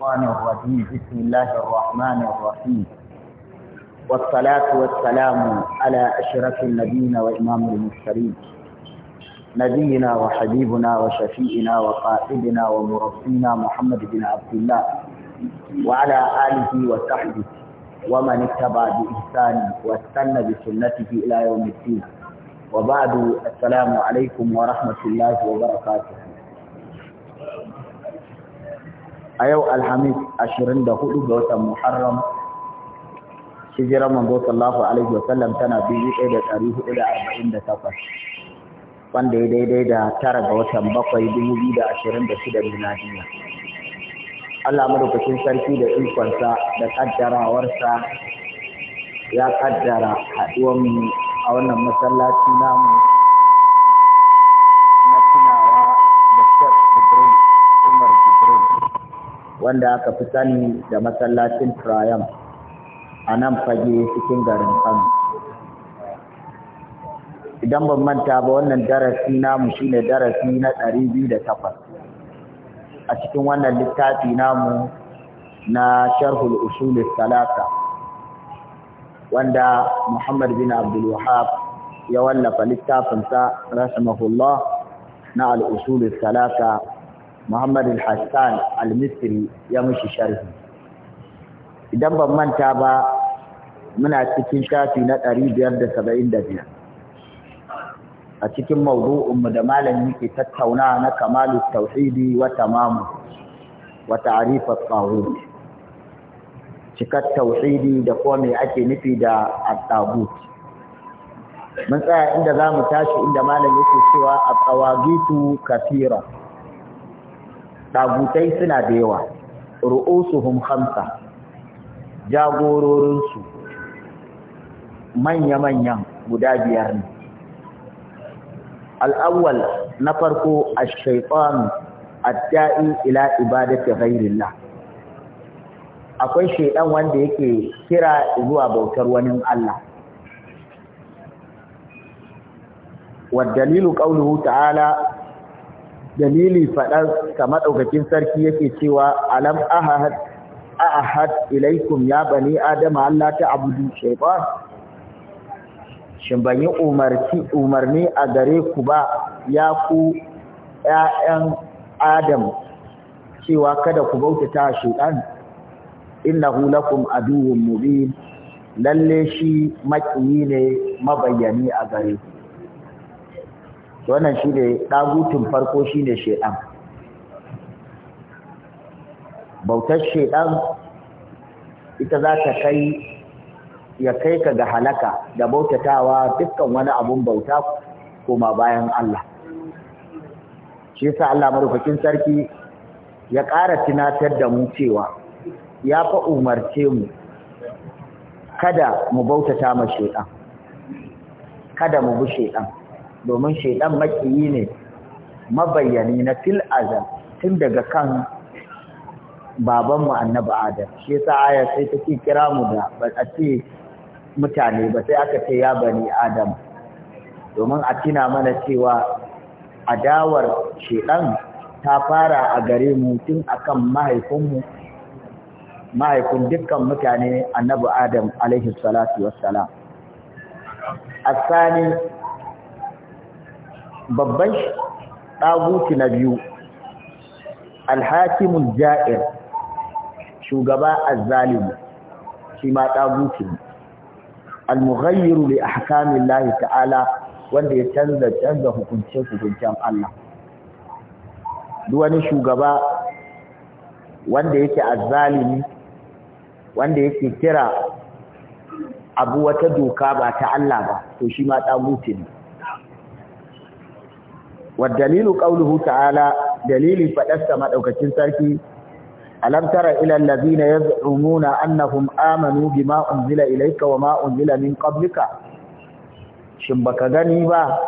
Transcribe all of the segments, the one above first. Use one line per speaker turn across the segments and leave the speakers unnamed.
الشيطان الرجيم بسم الله الرحمن الرحيم والصلاة والسلام على أشرف النبيين وإمام المرسلين نبينا وحبيبنا وشفيئنا وقائدنا ومربينا محمد بن عبد الله وعلى آله وصحبه ومن اتبع بإحسان واستنى بسنته إلى يوم الدين وبعد السلام عليكم ورحمة الله وبركاته a yau alhamis 24 ga watan muharram hijirar manzo sallahu alaihi wasallam tana takwas, wanda ya daidai da tara ga watan bakwai 2026 miladiya Allah madaukakin sarki da ikonsa da kaddarawarsa ya kaddara haɗuwar mu a wannan masallaci namu wanda aka fi sani da masallacin Triumph a nan fage cikin garin Kano. Idan ban manta ba wannan darasi namu shine darasi na ɗari biyu da takwas. a cikin wannan littafi namu na sharhul usulis talata wanda Muhammad bin Abdul ya wallafa littafinsa rahimahullah na al-usulis talata Muhammad al-Hassan al-Misri ya mishi sharhi idan ban manta ba muna cikin shafi na 575 a cikin mawdu'un mu da malami yake tattauna na kamalu tauhidi wa tamamu wa ta'rif at-taghut cikar tauhidi da ko me ake nufi da at tabu mun tsaya inda zamu tashi inda malam yake cewa at tawagitu kathira dagutai suna da yawa ru'usuhum jagororin jagororinsu manya-manyan guda biyar ne al-awwal na farko a shaytan adda'i ila ibadati ghairillah akwai shaidan wanda yake kira zuwa bautar wani Allah wa dalilu qawluhu ta'ala dalili faɗar kama maɗaukakin sarki yake cewa alam ahad ahad ilaikum ya bani adama Allah ta abudu shaytan shin ban umarni a gare ku ba ya ku ƴaƴan adam cewa kada ku bauta bautata shaytan innahu lakum aduwwun mubin lalle shi makiyi ne mabayyani a gare ku wannan shi ne ɗagutun farko shi ne shaiɗan bautar shaiɗan ita za ta kai ya kai ka ga halaka da bautatawa dukkan wani abun bauta koma bayan Allah shi sa Allah marufakin sarki ya ƙara tunatar da mu cewa ya fa umarce mu kada mu bautata ma shaiɗan kada mu bi shaiɗan domin shaidan makiyi ne mabayyani na fil azal tun daga kan babanmu annabi adam shi yasa aya sai take kira mu da ba a ce mutane ba sai aka ce ya bani adam domin a tina mana cewa adawar shedan ta fara a gare mu tun akan mahaifinmu mahaifin dukkan mutane annabi adam alaihi salatu wassalam babban ɗaguti na biyu alhakimun ja'ir shugaba azzalimu shi ma ɗaguti ne almughayyiru li ahkamin lahi ta'ala wanda ya canza canza hukuncin hukuncen Allah duk wani shugaba wanda yake azzalimi wanda yake kira abu wata doka ba ta Allah ba to shi ma ɗaguti ne dalilu ƙauluhu ta'ala dalilin faɗarsa maɗaukacin sarki alamtara ilan na ya zumuna annahum amanu bi ma'un zila ilaika wa ma'un zila min ƙablika shin baka gani ba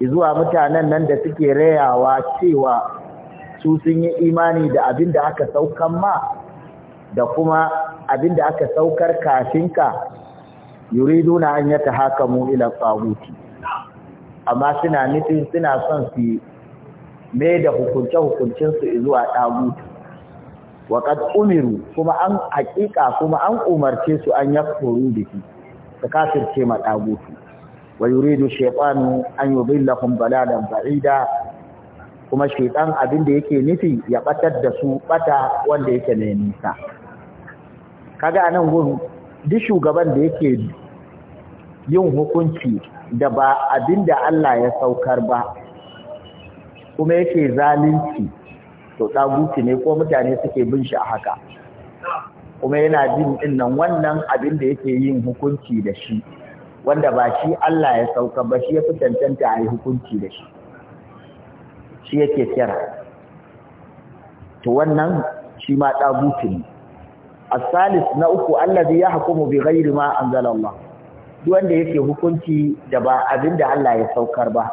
izuwa mutanen nan da suke rayawa cewa su sun yi imani da abin da aka saukan ma da kuma abin da aka saukar kashinka yuridu na an yata haka mu ila tsawuti amma suna nufin suna son su mai da hukunce-hukuncinsu zuwa ɗagutu waƙat umiru kuma an haƙiƙa kuma an umarce su an ya koru da shi su kafirce ma ɗagutu wa yuridu shaiɗanu an yi Bala baladan ba'ida kuma shaiɗan abin da yake nufi ya ɓatar da su ɓata wanda yake mai nisa kaga anan nan gurin duk shugaban da yake yin hukunci da ba abinda Allah ya saukar ba kuma yake zalunci to ɗaguti ne ko mutane suke bin shi a haka kuma yana jin dinnan wannan abin da yake yin hukunci da shi wanda ba shi Allah ya sauka ba shi ya fi tantanta a yi hukunci da shi shi yake kira to wannan shi ma ɗaguti ne الثالث na uku allazi yahkumu bi ghairi ma anzala wanda yake hukunci da ba abin da Allah ya saukar ba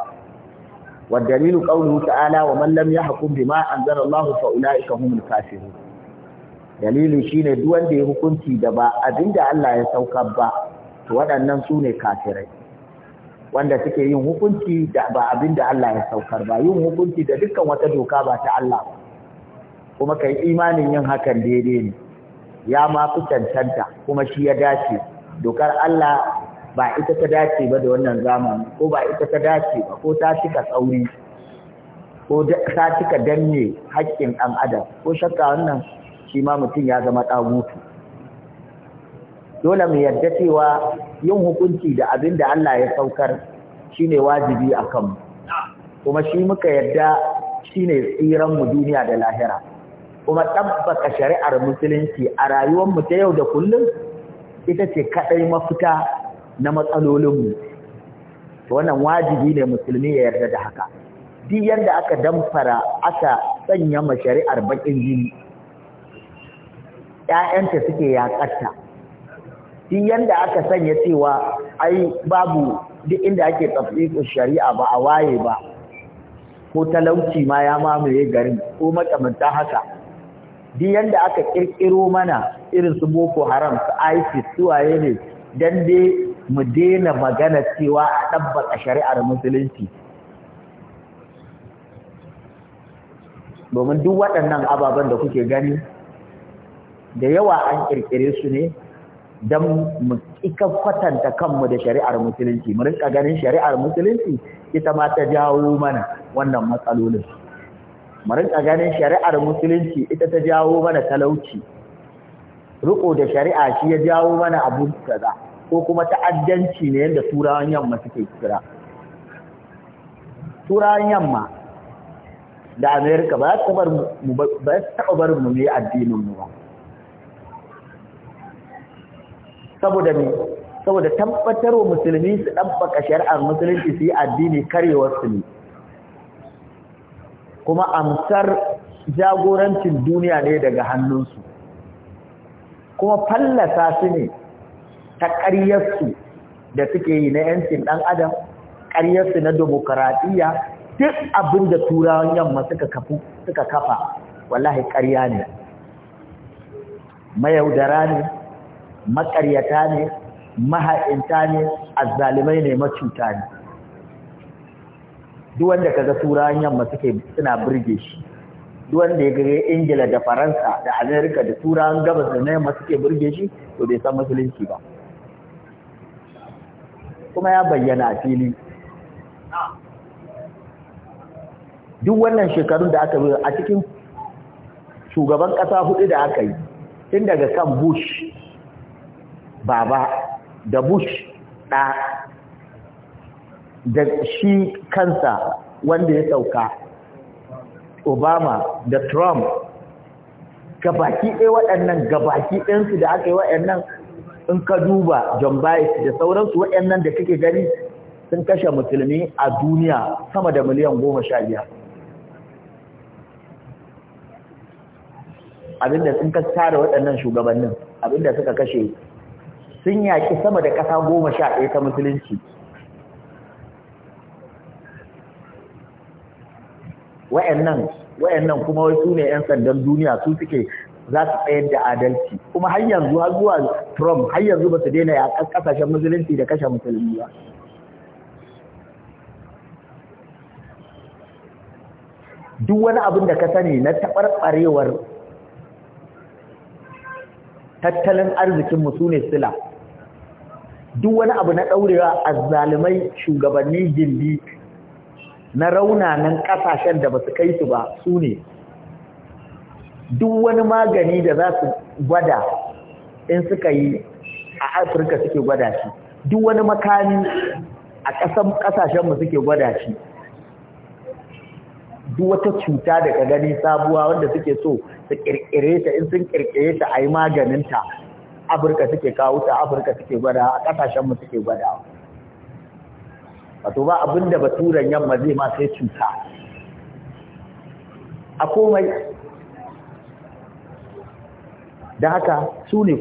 wa dalilu qawluhu ta'ala wa man lam yahkum bima anzala Allah fa ulaika humul kafirun dalili shine duk wanda ya hukunci da ba abin da Allah ya saukar ba to waɗannan su kafirai wanda suke yin hukunci da ba abin da Allah ya saukar ba yin hukunci da dukkan wata doka ba ta Allah ba kuma kai imanin yin hakan daidai ne ya ma fi kuma shi ya dace dokar Allah ba ita ta dace ba da wannan zamani ko ba ita ta dace ba ko ta shika tsauri ko ta shika danne haƙƙin ɗan adam ko shakka wannan shi ma mutum ya zama ɗagutu dole mu yarda cewa yin hukunci da abin da Allah ya saukar shine wajibi a kanmu kuma shi muka yarda shine tsiranmu duniya da lahira kuma tabbaka shari'ar musulunci a rayuwar mu ta yau da kullum ita ce kaɗai mafita na matsalolinmu wannan wajibi ne musulmi ya yarda da haka duk yanda aka damfara aka sanya ma shari'ar bakin jini ƴaƴanta suke yaƙarta duk yanda aka sanya cewa ai babu duk inda ake tsafiƙin shari'a ba a waye ba ko talauci ma ya mamaye garin ko makamanta haka duk yanda aka ƙirƙiro mana irin su boko haram su isis su waye ne dan dai mu daina magana cewa a ɗabbaka shari'ar musulunci domin duk waɗannan ababen da kuke gani da yawa an ƙirƙire su ne don mu ƙika kwatanta kanmu da shari'ar musulunci mu rinka ganin shari'ar musulunci ita ma ta jawo mana wannan matsalolin mu rinka ganin shari'ar musulunci ita ta jawo mana talauci riko da shari'a shi ya jawo mana abun kaza ko kuma ta'addanci ne yadda turawan yamma suke kira turawan yamma da amerika ba su taɓa barin mu mai addinin mu ba saboda ne saboda tabbatar wa musulmi su ɗabbaka shari'ar musulunci su yi addini su ne kuma amsar jagorancin duniya ne daga hannunsu kuma fallasa su ne ta ƙaryarsu da suke yi na ‘yancin ɗan adam ƙaryarsu na demokaradiyya duk abin da turawan yamma suka kafa wallahi ƙarya ne mayaudara ne maƙaryata ne maha'inta ne azalimai ne macuta ne duk ka kaga turawan yamma suke suna birge shi duk ya ingila da faransa da amerika da turawan gabas da na yamma suke burge shi to bai san musulunci ba kuma ya bayyana a fili duk wannan shekarun da aka biyu a cikin shugaban ƙasa hudu da aka yi tun daga kan bush baba da bush ɗa da shi kansa wanda ya sauka obama da trump gabaki ɗaya waɗannan gabaki ɗansu da aka yi waɗannan in ka duba John da sauransu waɗannan da kake gani sun kashe musulmi a duniya sama da miliyan goma sha biyar. Abinda sun tara waɗannan shugabannin abinda suka kashe sun yaƙi sama da ƙasa goma sha ɗaya ta musulunci. Waɗannan waɗannan kuma wasu ne 'yan sandan duniya su suke za su tsayar da adalci kuma har yanzu har zuwa Trump har yanzu ba su daina ya ƙasashen musulunci da kashe musulmi ba duk wani abin da ka sani na taɓarɓarewar tattalin arzikin su ne sila duk wani abu na ɗaurewa a zalimai shugabanni gindi na raunanan ƙasashen da ba su kai su ba su ne duk wani magani da za su gwada in suka yi a afirka suke gwada shi duk wani makami a ƙasashenmu suke gwada shi duk wata cuta da ka gani sabuwa wanda suke so su ƙirƙire ta in sun ƙirƙire ta a yi maganinta afirka suke kawo ta afirka suke gwada a ƙasashenmu suke gwada wato ba abinda baturan yamma zai ma sai cuta a komai da haka su ne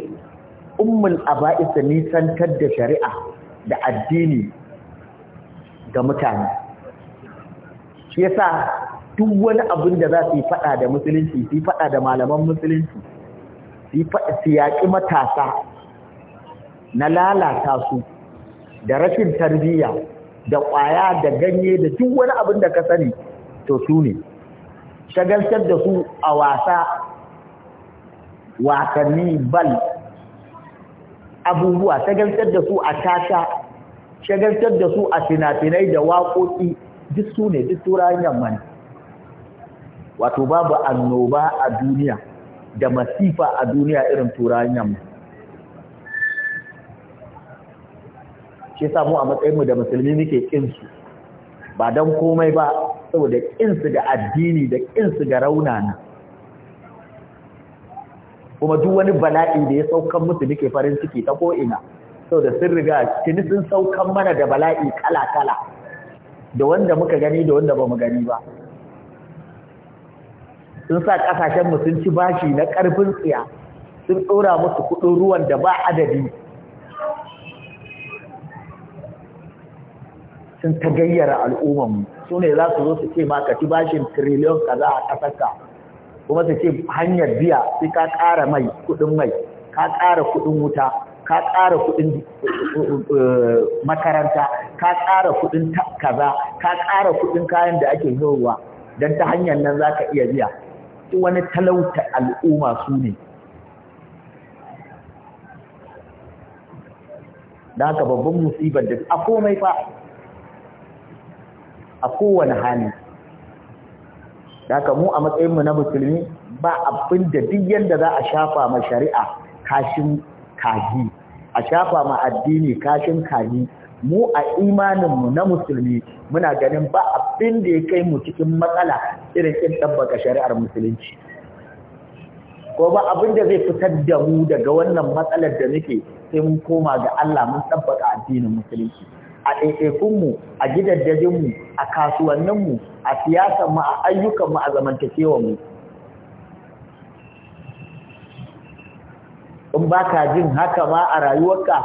ummul aba'isa nisantar da shari'a da addini ga mutane shi yasa duk wani abin da za su yi fada da musulunci su yi fada da malaman musulunci su yaƙi matasa na lalata su da rashin tarbiyya da ƙwaya da ganye da duk wani abin da ka sani to su ne shagaltar da su a wasa wasanni bal abubuwa shagaltar da su a tasha shagaltar da su a finafinai da waƙoƙi duk su ne duk turayen yamma wato babu annoba a duniya da masifa a duniya irin turayen yamma shi samu a matsayinmu da musulmi muke ƙinsu ba don komai ba saboda ƙinsu da addini da ƙinsu ga raunana kuma duk wani bala'i da ya saukan musu muke farin ciki ta ko'ina sau da sun riga tuni sun saukan mana da bala'i kala-kala da wanda muka gani da wanda ba gani ba sun sa mu sun ci bashi na karfin tsiya sun tsora musu kuɗin ruwan da ba adadi sun ta gayyara al'ummanmu su ne za su zo su ce ma ka ci bashin tiriliyon kaza a ƙasarka kuma su ce hanyar biya sai ka ƙara mai kudin mai ka ƙara kuɗin wuta ka ƙara kuɗin eh, makaranta ka ƙara kuɗin kaza ka ƙara kuɗin kayan da ake zowa don ta hanyar nan za ka iya biya wani talauta al'umma su ne da haka babban musibar da a komai fa a kowane hali ka mu a matsayinmu na musulmi ba abin da duk yadda za a shafa ma shari'a kashin kaji a shafa ma addini kashin kaji mu a imaninmu na musulmi muna ganin ba abin da ya kai mu cikin matsala irin kin ɗabbaka shari'ar musulunci ko ba abin da zai fitar da mu daga wannan matsalar da muke sai mun koma ga Allah mun ɗabbaka addinin musulunci a ɗaiɗaikunmu a gidajenmu a kasuwanninmu a siyasanmu a ayyukanmu a mu. in ba ka jin haka ma a rayuwarka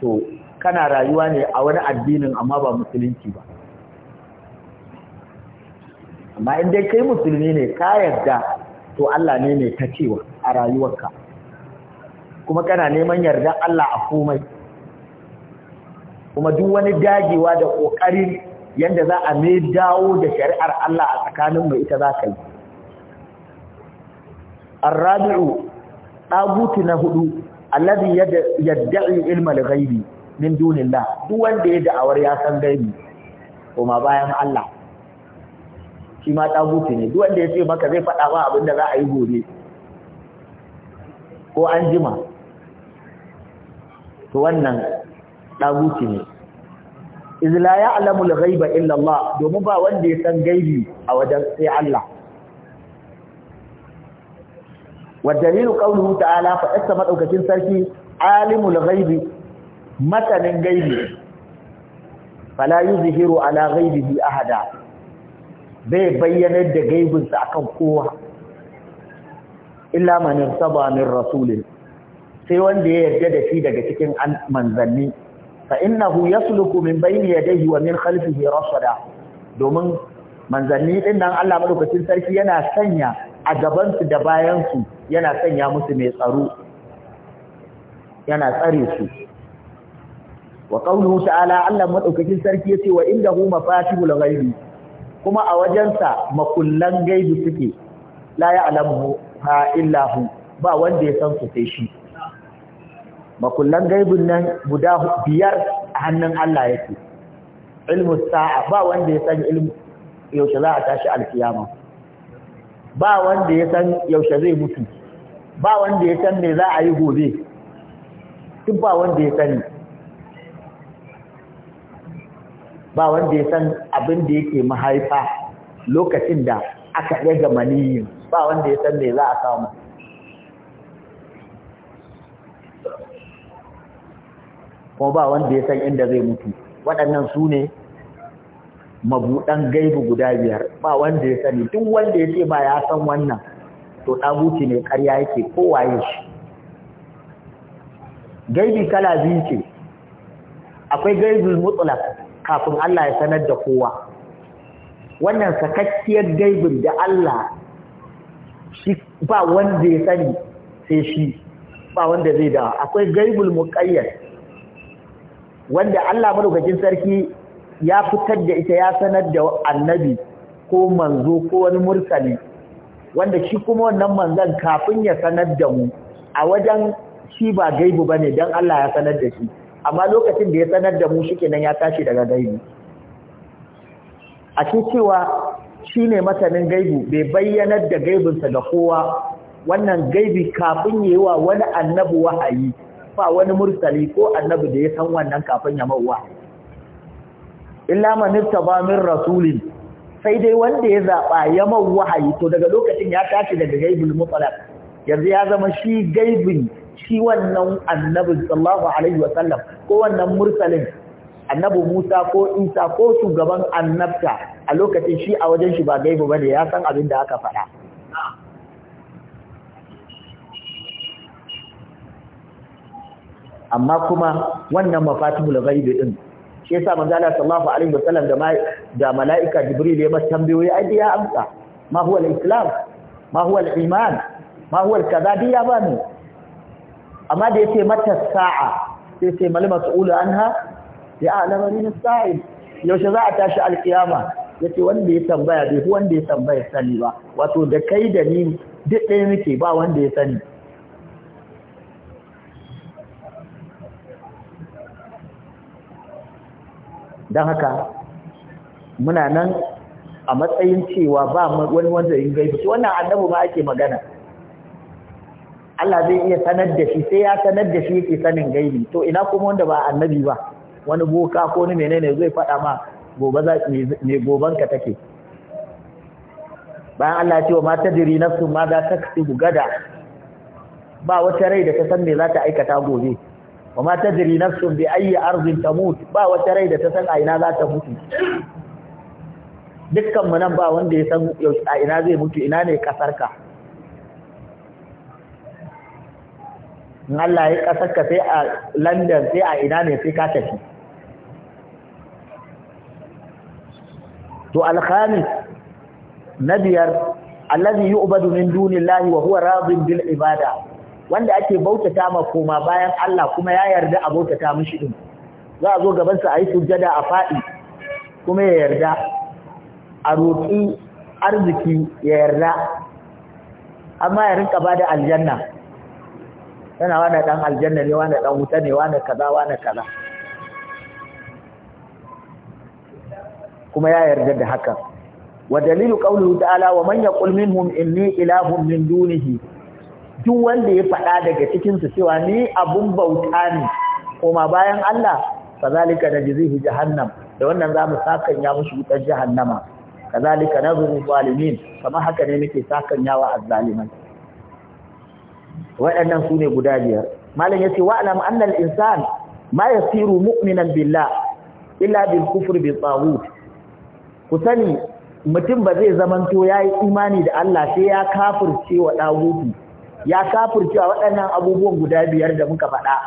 to kana rayuwa ne a wani addinin amma ba musulunci ba amma in dai kai musulmi ne ka yarda to Allah ne mai ta cewa a rayuwarka kuma kana neman yarda Allah a komai kuma duk wani dagewa da ƙoƙarin yadda za a ne dawo da shari'ar Allah a tsakanin mai ita za ka yi. Arrabi'u, ɗagutu na hudu, allazi yadda'i ilmal ghaibi min dunillah, duk wanda ya da'awar ya san gaibi, kuma bayan Allah. Shi ma ɗagutu ne, duk wanda ya ce maka zai faɗa ma abin da za a yi gobe, ko an jima. To wannan ɗaguci ne izla ya alamul illallah, domin ba wanda ya san gaibi a wajen sai Allah wa dalilu qawluhu ta'ala fa asa madaukakin sarki alimul ghaibi matanin gaibi fala yuzhiru ala a ahada bai bayyanar da gaibinsa kan kowa illa man saba, min rasulin sai wanda ya yarda da shi daga cikin manzanni fa innahu yasluku min bayni yadayhi wa min khalfihi rasada domin manzanni din nan Allah madaukakin sarki yana sanya a gaban su da bayan su yana sanya musu mai tsaro yana tsare su wa qawluhu ta'ala Allah madaukakin sarki yace wa indahu mafatihul ghaibi kuma a wajensa makullan gaibi suke la ya'lamuha ha hu ba wanda ya san su sai shi makullan gaibin nan guda biyar a hannun Allah yake ilmu sa'a ba wanda ya san ilmu yaushe za a tashi alkiyama ba wanda ya san yaushe zai mutu ba wanda ya san me za a yi gobe duk ba wanda ya sani ba wanda ya san abin da yake mahaifa lokacin da aka ga maniyin ba wanda ya san me za a samu kuma ba wanda ya san inda zai mutu waɗannan su ne mabuɗan gaibu guda biyar ba wanda ya sani duk wanda ya ce ba ya san wannan to ɗabuci ne ƙarya yake waye shi gaibi kala biyu ce akwai gaibul mutlaq kafin Allah ya sanar da kowa wannan sakakkiyar gaibin da Allah shi ba wanda ya sani sai shi ba wanda zai da akwai gaibul muqayyad wanda Allah madaukakin sarki ya fitar da ita ya sanar da annabi ko manzo ko wani mursali wanda shi kuma wannan manzon kafin ya sanar da mu a wajen shi ba gaibu bane dan Allah ya sanar da shi amma lokacin da ya sanar da mu shikenan ya tashi daga gaibu a cewa shine masanin gaibu bai bayyanar da gaibinsa ga kowa wannan gaibi kafin yayi wa wani annabi wahayi ba wani mursali ko annabi da ya san wannan kafin ya mawa illa man ittaba min rasulin sai dai wanda ya zaba ya hayi to daga lokacin ya tashi daga gaibul mutlaq yanzu ya zama shi gaibin shi wannan annabi sallallahu alaihi wasallam ko wannan mursalin annabi Musa ko Isa ko shugaban annabta a lokacin shi a wajen shi ba gaibu bane ya san abin da aka faɗa amma kuma wannan mafatihul ghaibi din shi yasa manzo Allah sallallahu alaihi wasallam da da malaika jibril ya masa tambayoyi ai ya amsa ma huwa al-islam ma huwa al-iman ma huwa al-kaza bani amma da yace mata sa'a sai sai mal mas'ul anha ya alama min sa'id yaushe za a tashi al-qiyama yace wanda ya tambaya bai wanda ya tambaya sani ba wato da kai da ni duk ɗaya muke ba wanda ya sani don haka muna nan a matsayin cewa ba wani wanda yin gaibi wannan annabu ma ake magana Allah zai iya sanar da shi sai ya sanar da shi yake sanin gaibi to ina kuma wanda ba annabi ba wani boka ko ni menene zai faɗa ma gobe za me goban ka take bayan Allah ya ce wa ma tadri ma za ta gada ba wata rai da ta san me za ta aikata gobe wa ma tajri nafsun bi ayyi ardin tamut ba wata rai da ta san a ina za ta mutu dukkan mu nan ba wanda ya san a ina zai mutu ina ne kasarka in Allah ya kasarka sai a London sai a ina ne sai ka tafi to alkhamis na biyar allazi yu'badu min dunillahi wa huwa radin bil ibada wanda ake bautata ma koma bayan Allah kuma ya yarda a bautata mishi din za a zo gaban sa ayi sujjada a fadi kuma ya yarda a roki arziki ya yarda amma ya rinka bada aljanna yana wani dan aljanna ne wani dan wuta ne wani kaza wani kaza kuma ya yarda da haka wa dalilu qawlihi ta'ala wa man yaqul minhum inni ilahun min dunihi duk wanda ya faɗa daga cikinsu cewa ni abun bauta ne koma bayan Allah kazalika najzihi jahannam da wannan zamu sakan ya mushi wutar jahannama kazalika nazru zalimin kama haka ne muke sakan yawa azzalimai waɗannan sune guda biyar malam ya ce alam anna insan ma siru, mu'minan billah illa bil kufur bin tawut ku sani mutum ba zai zamanto yi imani da Allah sai ya kafirce wa dawuti ya kafurcewa waɗannan abubuwan guda biyar da muka faɗa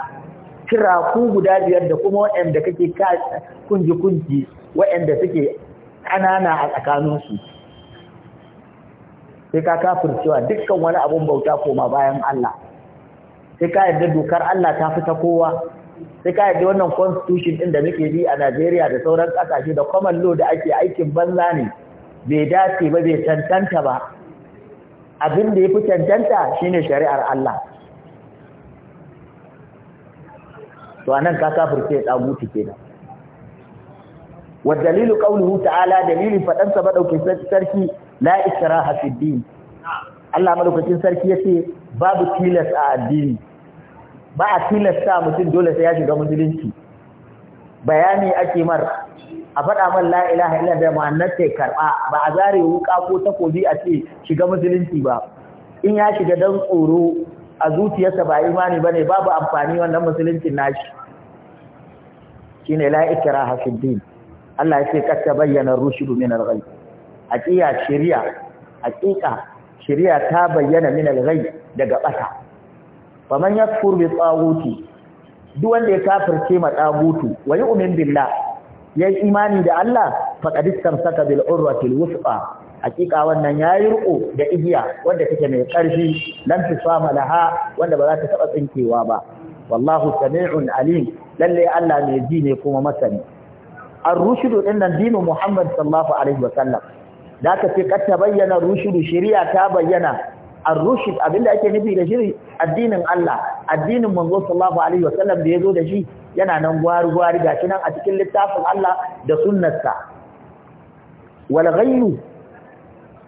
kira ku guda biyar da kuma waɗanda kake kunji kunji waɗanda suke ƙanana a tsakaninsu sai ka kafurcewa dukkan wani abun bauta koma bayan Allah sai ka yarda dokar Allah ta fi ta kowa sai ka yarda wannan constitution ɗin da muke bi a Najeriya da sauran kasashe da common law da ake aikin banza ne bai dace ba bai tantanta ba abin da ya fi cancanta shine shari'ar Allah to a nan ka kafirce ke kenan wa dalilu ƙaunuhu ta'ala dalilin faɗansa sa sarki na isra hafiddin. Allah maɗaukacin sarki ya ce babu tilas a addini ba a tilasta mutum dole sai ya shiga musulunci bayani ake mar a faɗa man la ilaha illa da mu'annace karɓa ba a zare wuka ko takobi a ce shiga musulunci ba in ya shiga dan tsoro a zuciyarsa ba imani bane babu amfani wannan musulunci nashi shine la ikraha fid din Allah ya ce kacce bayyana rushudu min al-ghayb haqiqa shari'a haqiqa shari'a ta bayyana min al-ghayb daga bata faman yakfur bi tsaguti duk wanda ya kafirce ma tsagutu wa yu'min billah ya yi imani da Allah faƙad istamsaka bil urwatil wusqa hakika wannan yayi riko da igiya wanda take mai ƙarfi lam tisama laha wanda ba za ta taba tsinkewa ba wallahu sami'un alim lalle Allah mai ji ne kuma masani ar-rushd din nan dinin Muhammad sallallahu alaihi wasallam da ka ce kad tabayyana rushudu shari'a ta bayyana ar-rushd abinda ake nufi da shi addinin Allah addinin manzo sallallahu alaihi wasallam da yazo da shi yana nan gwari gwari gashi nan a cikin littafin Allah da sunnarsa wal ghayyu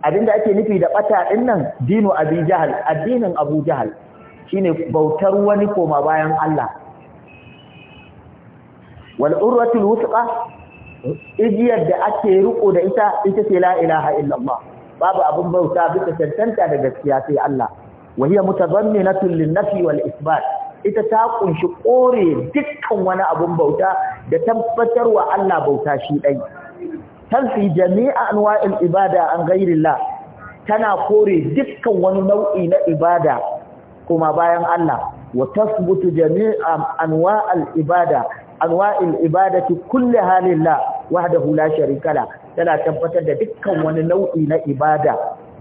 abinda ake nufi da bata din nan dinu abi jahal addinin abu jahal shine bautar wani koma bayan Allah wal urwatul wuthqa igiyar da ake riko da ita ita ce la ilaha illallah babu abin bauta bisa cancanta da gaskiya sai Allah wa hiya mutadamminatun lin-nafi wal-isbat ita ta kunshi kore dukkan wani abun bauta da tabbatarwa Allah bauta shi dai tanfi jami'a anwa'il ibada an ghairillah tana kore dukkan wani nau'i na ibada kuma bayan Allah wa tasbutu jami'a anwa'il ibada anwa'il ibadati kullaha lillah wahdahu la sharika kala. tana tabbatar da dukkan wani nau'i na ibada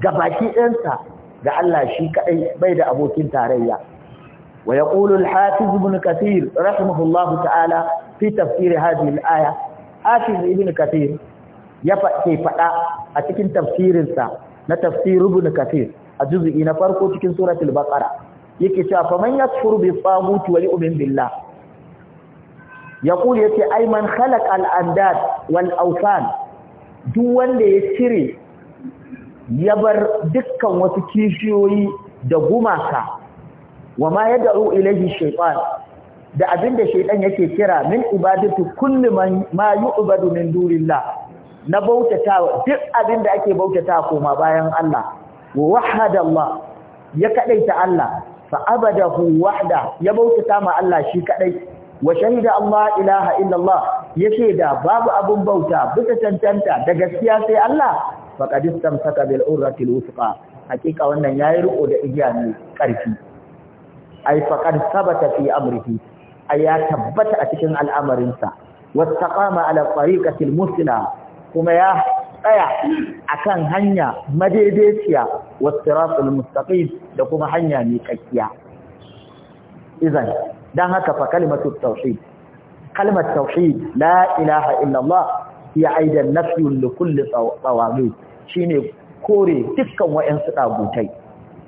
ga baki ɗansa ga Allah shi kaɗai bai da abokin tarayya. Wa ya ƙulul Hafiz ibn Kathir, ta'ala, fi tafsiri al al'aya, Hafiz ibn Kathir ya ke faɗa a cikin tafsirinsa na tafsir ibn Kathir a juzu'i na farko cikin suratul Baqara. Yake cewa fa man yakfuru bi tsaguti wa yu'min billah. Ya ƙul yace ai man khalaqa al-andad wal awsan duk wanda ya cire ya bar dukkan wasu kishiyoyi da gumaka wa ma da'u ilahi shaytan da abinda shaytan yake kira min ibadatu kulli man ma yu'badu min dunillah na bautata duk abinda ake bautata koma bayan Allah wahada Allah ya kadaita Allah fa abadahu wahda ya bautata ma Allah shi kadai wa shahida Allah ilaha illallah ya da babu abun bauta bisa cancanta da gaskiya sai Allah faqad istamsaka bil urwati al hakika wannan yayi riko da igiya ne karfi ai faqad sabata fi amrihi ai ya tabbata a cikin al'amarinsa wastaqama ala tariqati al-musla kuma ya tsaya akan hanya madaidaiciya wasiratul mustaqim da kuma hanya mai kakkiya idan dan haka fa kalimatu tauhid kalmar tauhid la ilaha illallah ya aida nafiyun li kulli tawaghi shine kore dukkan wayansu dagutai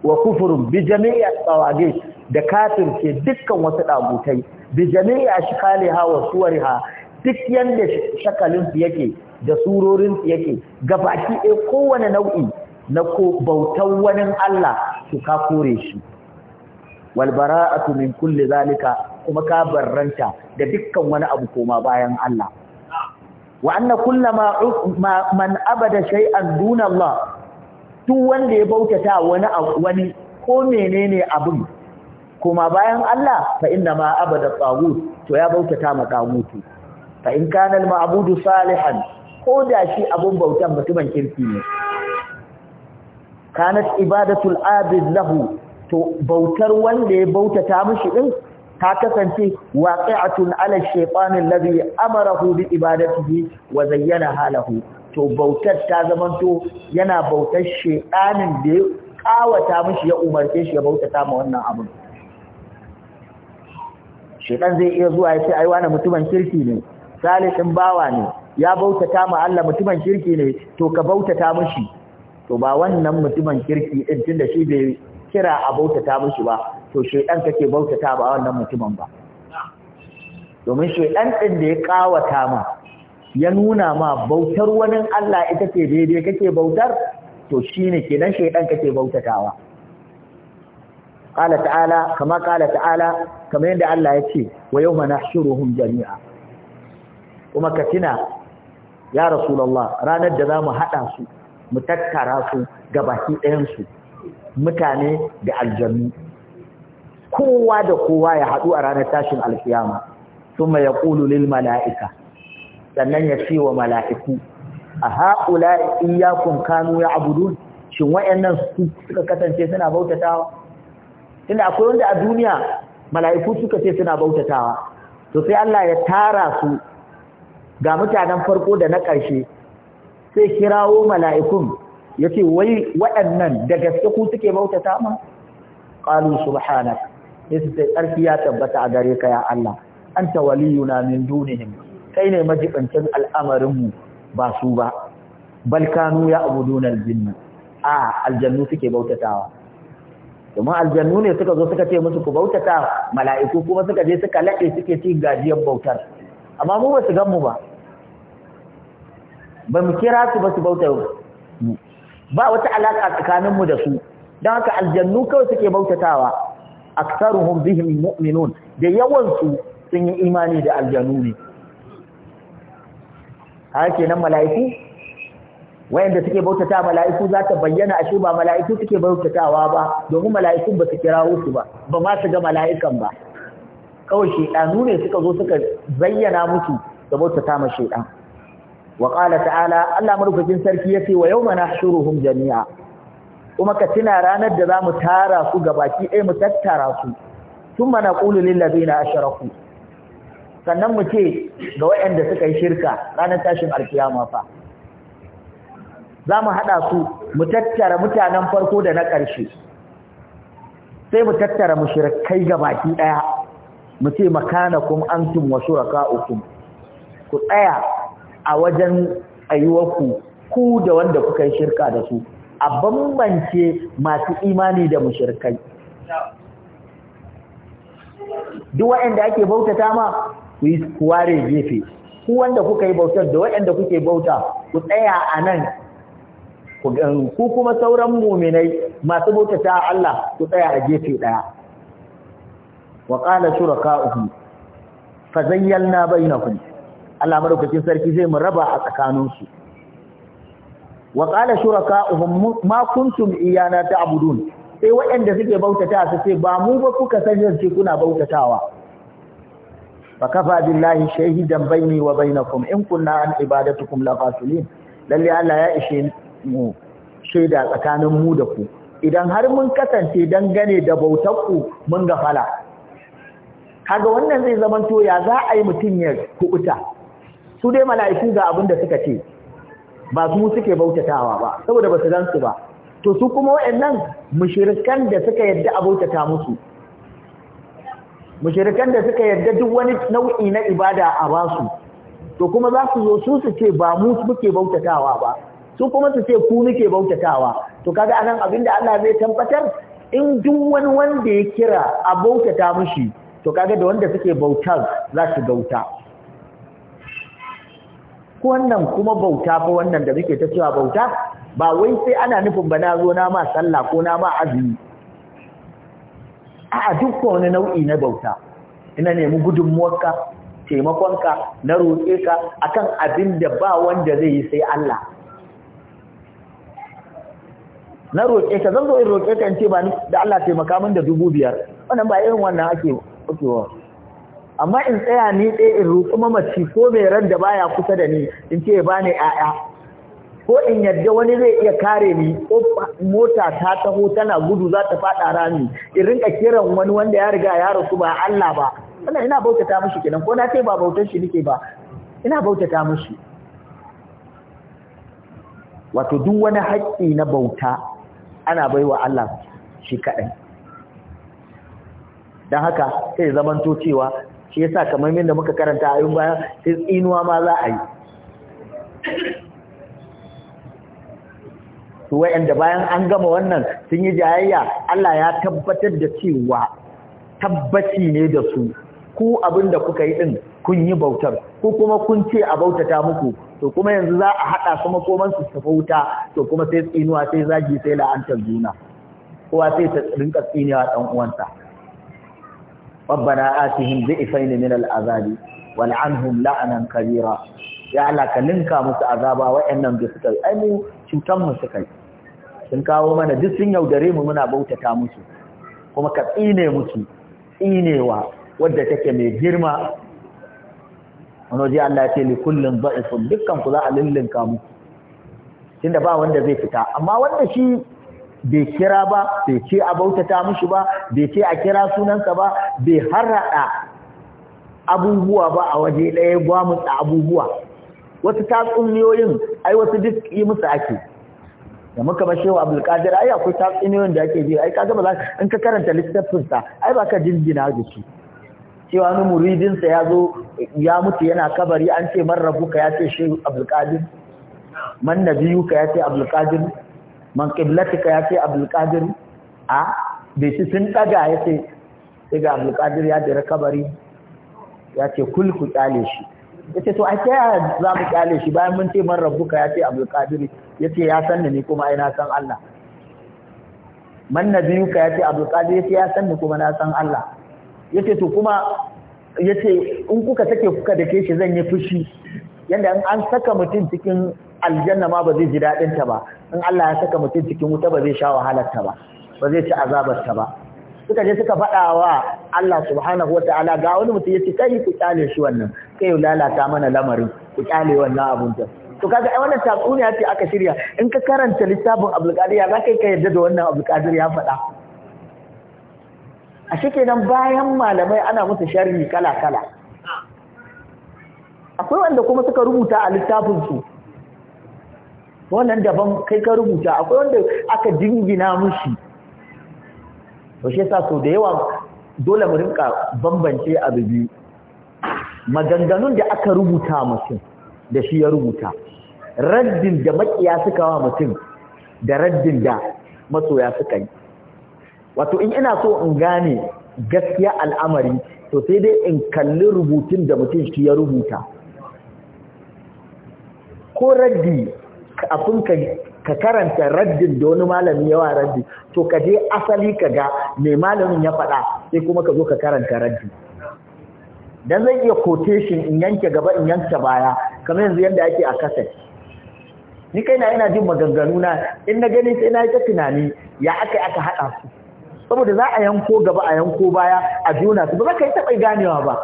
wa kufurun bi jami'i tawaghi da ke dukkan wasu dagutai bi jami'i ashkaliha wa suwariha duk yanda shakalin su yake da surorin su yake gabaki ɗaya kowane nau'i na ko bautan wani Allah su ka kore shi wal bara'atu min kulli zalika kuma ka barranta da dukkan wani abu koma bayan Allah wa anna kullama man abada shay'an duna Allah duk wanda ya bautata wani wani ko menene abin koma bayan Allah fa inna ma abada tagut to ya bautata ma tagutu fa in kana al ma'budu salihan ko da shi abun bautan mutumin kirki ne kanat ibadatul abid lahu to bautar wanda ya bautata mishi din ta kasance waqi'atun ala shaytanin ladhi amarahu bi ibadatihi wa zayyana halahu to bautar ta zamanto yana bautar shaytanin da ya kawata mishi ya umarce shi ya bautata ma wannan abin shaytan zai iya zuwa ya ce ai wani mutumin kirki ne salihin bawa ne ya bautata ma Allah mutumin kirki ne to ka bautata mishi to ba wannan mutumin kirki din tunda shi bai kira a bautata mushi ba to shaidan kake bautata ba wannan mutumin ba domin shaidan din da ya kawata ma ya nuna ma bautar wani Allah ita ce daidai kake bautar to shine kenan shaidan kake bautatawa qala ta'ala kama qala ta'ala kamar yadda Allah ya ce wa yawma nahshuruhum jami'a kuma katina ya rasulullah ranar da zamu hada su mu tattara su gabaki ɗayan su mutane da aljannu kowa da kowa ya haɗu a ranar tashin alkiyama ya yaqulu lil mala'ika sannan ya ce wa mala'iku a haƙula iyakun kanu ya abudun shin wa'yannan su suka kasance suna bautatawa tunda akwai wanda a duniya mala'iku suka ce suna bautatawa to sai Allah ya tara su ga mutanen farko da na ƙarshe sai kirawo mala'ikun ya ce wai waɗannan da gaske ku suke bautata ma ƙalu subhanak ya ƙarfi ya tabbata a gare ka ya Allah an waliyuna min dunihim kai ne majibancin al'amarinmu ba su ba balkanu ya abudunar jinnu a aljannu suke bautatawa domin aljannu ne suka zo suka ce musu ku bautata mala'iku kuma suka je suka laɗe suke ci gajiyar bautar amma mu ba su gan mu ba ba mu kira su ba su bauta ba wata alaka tsakaninmu da su don haka aljannu kawai suke bautatawa aksaruhum bihim mu'minun da yawansu sun yi imani da aljannu ne haka nan mala'iku wayanda suke bautata mala'iku za ta bayyana ashe ba mala'iku suke bautatawa ba domin mala'ikun ba su kira su ba ba ma su ga mala'ikan ba kawai shaidanu ne suka zo suka zayyana musu da bautata ma shedan Waƙala ta'ala Allah madaukakin sarki ya ce wa yau mana nahshuruhum jami'a kuma ka tuna ranar da zamu tara su gabaki ɗaya mu tattara su thumma naqulu lil ladina ashraku sannan mu ce ga waɗanda suka yi shirka ranar tashin alkiyama fa za mu haɗa su mu tattara mutanen farko da na ƙarshe sai mu tattara mushrikai ga baki ɗaya mu ce makanakum antum wa shuraka'ukum ku tsaya a wajen tsayuwarku ku da wanda kuka yi shirka da su a bambance masu imani da mushirkai duk waɗanda ake bautata ma ku yi ware gefe ku wanda kuka yi bautar da waɗanda kuke bauta ku tsaya a nan ku kuma sauran muminai masu bautata Allah ku tsaya a gefe ɗaya wa qala fa zayyalna bainakum Allah madaukakin sarki zai raba a tsakaninsu wa qala shuraka'uhum ma kuntum iyana ta'budun sai waɗanda suke bautata su ce ba mu ba kuka sanin ce kuna bautatawa fa kafa billahi shahidan baini wa bainakum in kunna an ibadatukum fasilin lalle Allah ya ishe mu shaida tsakanin mu da ku idan har mun kasance gane da bautar ku mun fala. kaga wannan zai zamanto ya za a yi mutum ya kubuta su dai mala'iku ga abin da suka ce ba su suke bautatawa ba saboda ba su gan su ba to su kuma waɗannan mushirikan da suka yadda a bautata musu mushirikan da suka yadda duk wani nau'i na ibada a basu to kuma za su zo su su ce ba mu suke bautatawa ba su kuma su ce ku muke bautatawa to kaga anan abin da Allah zai tabbatar in duk wani wanda ya kira a bautata mushi to kaga da wanda suke bautar za su gauta ko wannan kuma bauta fa wannan da muke ta cewa bauta ba wai sai ana nufin ba na zo na ma sallah ko na ma azumi a'a dukkan wani nau'i na bauta ina nemi gudunmuwarka taimakonka na roƙe ka akan abin da ba wanda zai yi sai Allah na roƙe ka zan zo in roƙe ka in ce ba ni da Allah taimaka min da dubu biyar wannan ba irin wannan ake ake wa amma in tsaya ni ɗaya in roƙi mamaci ko mai ran da baya kusa da ni in ce ba ni ƴaƴa ko in yadda wani zai iya kare ni ko mota ta taho tana gudu za ta faɗa rami in rinka kiran wani wanda ya riga ya rasu ba Allah ba wannan ina bautata mishi kenan ko na ce ba bautar shi nake ba ina bautata mishi wato duk wani haƙƙi na bauta ana baiwa Allah shi kaɗai don haka sai zamanto cewa shi yasa kamar yadda muka karanta a yin baya sai tsinuwa ma za a yi su wa'anda bayan an gama wannan sun yi jayayya Allah ya tabbatar da cewa tabbaci ne da su ku abinda kuka yi din kun yi bautar ko kuma kun ce a bautata muku to kuma yanzu za a haɗa kuma koman su tafi wuta to kuma sai tsinuwa sai zagi sai la'antar juna kowa sai ta rinka tsinewa ɗan uwansa ربنا آتهم ضعفين من العذاب ولعنهم la'anan kabira ya الله ka linka musu azaba wa'annan da suka yi ai mu sun kawo mana duk sun yaudare mu muna bautata musu kuma ka tsine musu tsinewa wadda take mai girma wani waje Allah ya ce li kullum da'ifun dukkan ku za a lullunka musu tunda ba wanda zai fita amma wanda shi bai kira ba bai ce a bautata mushi ba bai ce a kira sunansa ba bai harada abubuwa ba a waje ɗaya gwamutsa abubuwa wasu tatsuniyoyin ai wasu duk yi musu ake da muka ba shewa abdulkadir ai akwai tatsuniyoyin da ake ji ai kaga ba za in ka karanta littafinsa ai ba ka jinjina da shi cewa wani muridinsa ya zo ya mutu yana kabari an ce man ka ya ce shehu abdulkadir man ka ya ce abdulkadir man qiblatika ya ce abdul qadir a bai ci sun daga ya ce sai ga abdul qadir ya dira kabari ya ce kul ku kyale shi ya ce to a ta yaya za mu kyale shi bayan mun ce man rabbuka ya ce abdul qadir ya ce ya san ni kuma ai na san Allah man nabiyuka ya ce abdul qadir ya ce ya san ni kuma na san Allah ya ce to kuma ya ce in kuka take kuka da ke shi zan yi fushi yadda an saka mutum cikin aljanna ma ba zai ji daɗin ta ba in Allah ya saka mutum cikin wuta ba zai sha wahalar ta ba ba zai ci azabar ta ba suka je suka faɗa wa Allah subhanahu wa ta'ala ga wani mutum ya ce kai ku kyale shi wannan kai lalata mana lamarin ku kyale wannan abun da to kaga ai wannan tatsuniya ce aka shirya in ka karanta littafin Abdul Qadir za kai ka yarda da wannan Abdul Qadir ya faɗa a nan bayan malamai ana musu sharri kala kala akwai wanda kuma suka rubuta a littafin su wannan daban kai ka rubuta akwai wanda aka dingina mushi to shi sa so da yawa dole mu rinka bambance abu biyu maganganun da aka rubuta mutum da shi ya rubuta raddin da makiya suka wa mutum da raddin da masoya suka yi wato in ina so in gane gaskiya al'amari to sai dai in kalli rubutun da mutum shi ya rubuta ko raddi kafin ka karanta raddin da wani malami yawa raddi to ka je asali ka ga mai malamin ya faɗa sai kuma ka zo ka karanta raddi dan zai iya quotation in yanke gaba in yanke baya kamar yanzu yadda ake a kasai ni kaina ina jin maganganu na in na gani sai na yi ta tunani ya aka aka haɗa su saboda za a yanko gaba a yanko baya a juna su ba za ka yi taɓa ganewa ba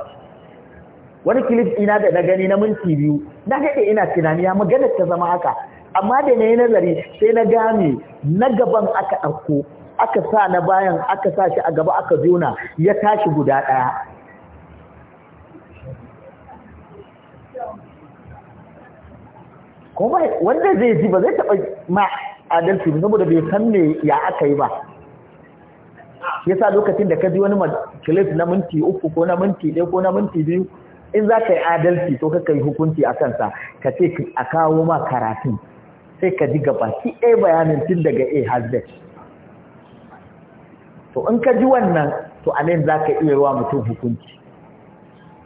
wani kilif ina da na gani na minti biyu na daɗe ina tunani ya magana ta zama haka amma da na yi nazari sai na gane na gaban aka ɗauko aka sa na bayan aka sa shi a gaba aka zuna ya tashi guda ɗaya kuma wanda zai ji ba zai taɓa ma adalci ba saboda bai san me ya aka yi ba yasa lokacin da ka ji wani majalis na minti uku ko na minti ɗaya ko na minti biyu in za ka yi adalci to ka yi hukunci a kansa ka ce a kawo ma karatun sai ka ji gabaki ɗaya bayanin tun daga a hazard to in ka ji wannan to a nan za ka iya ruwa mutum hukunci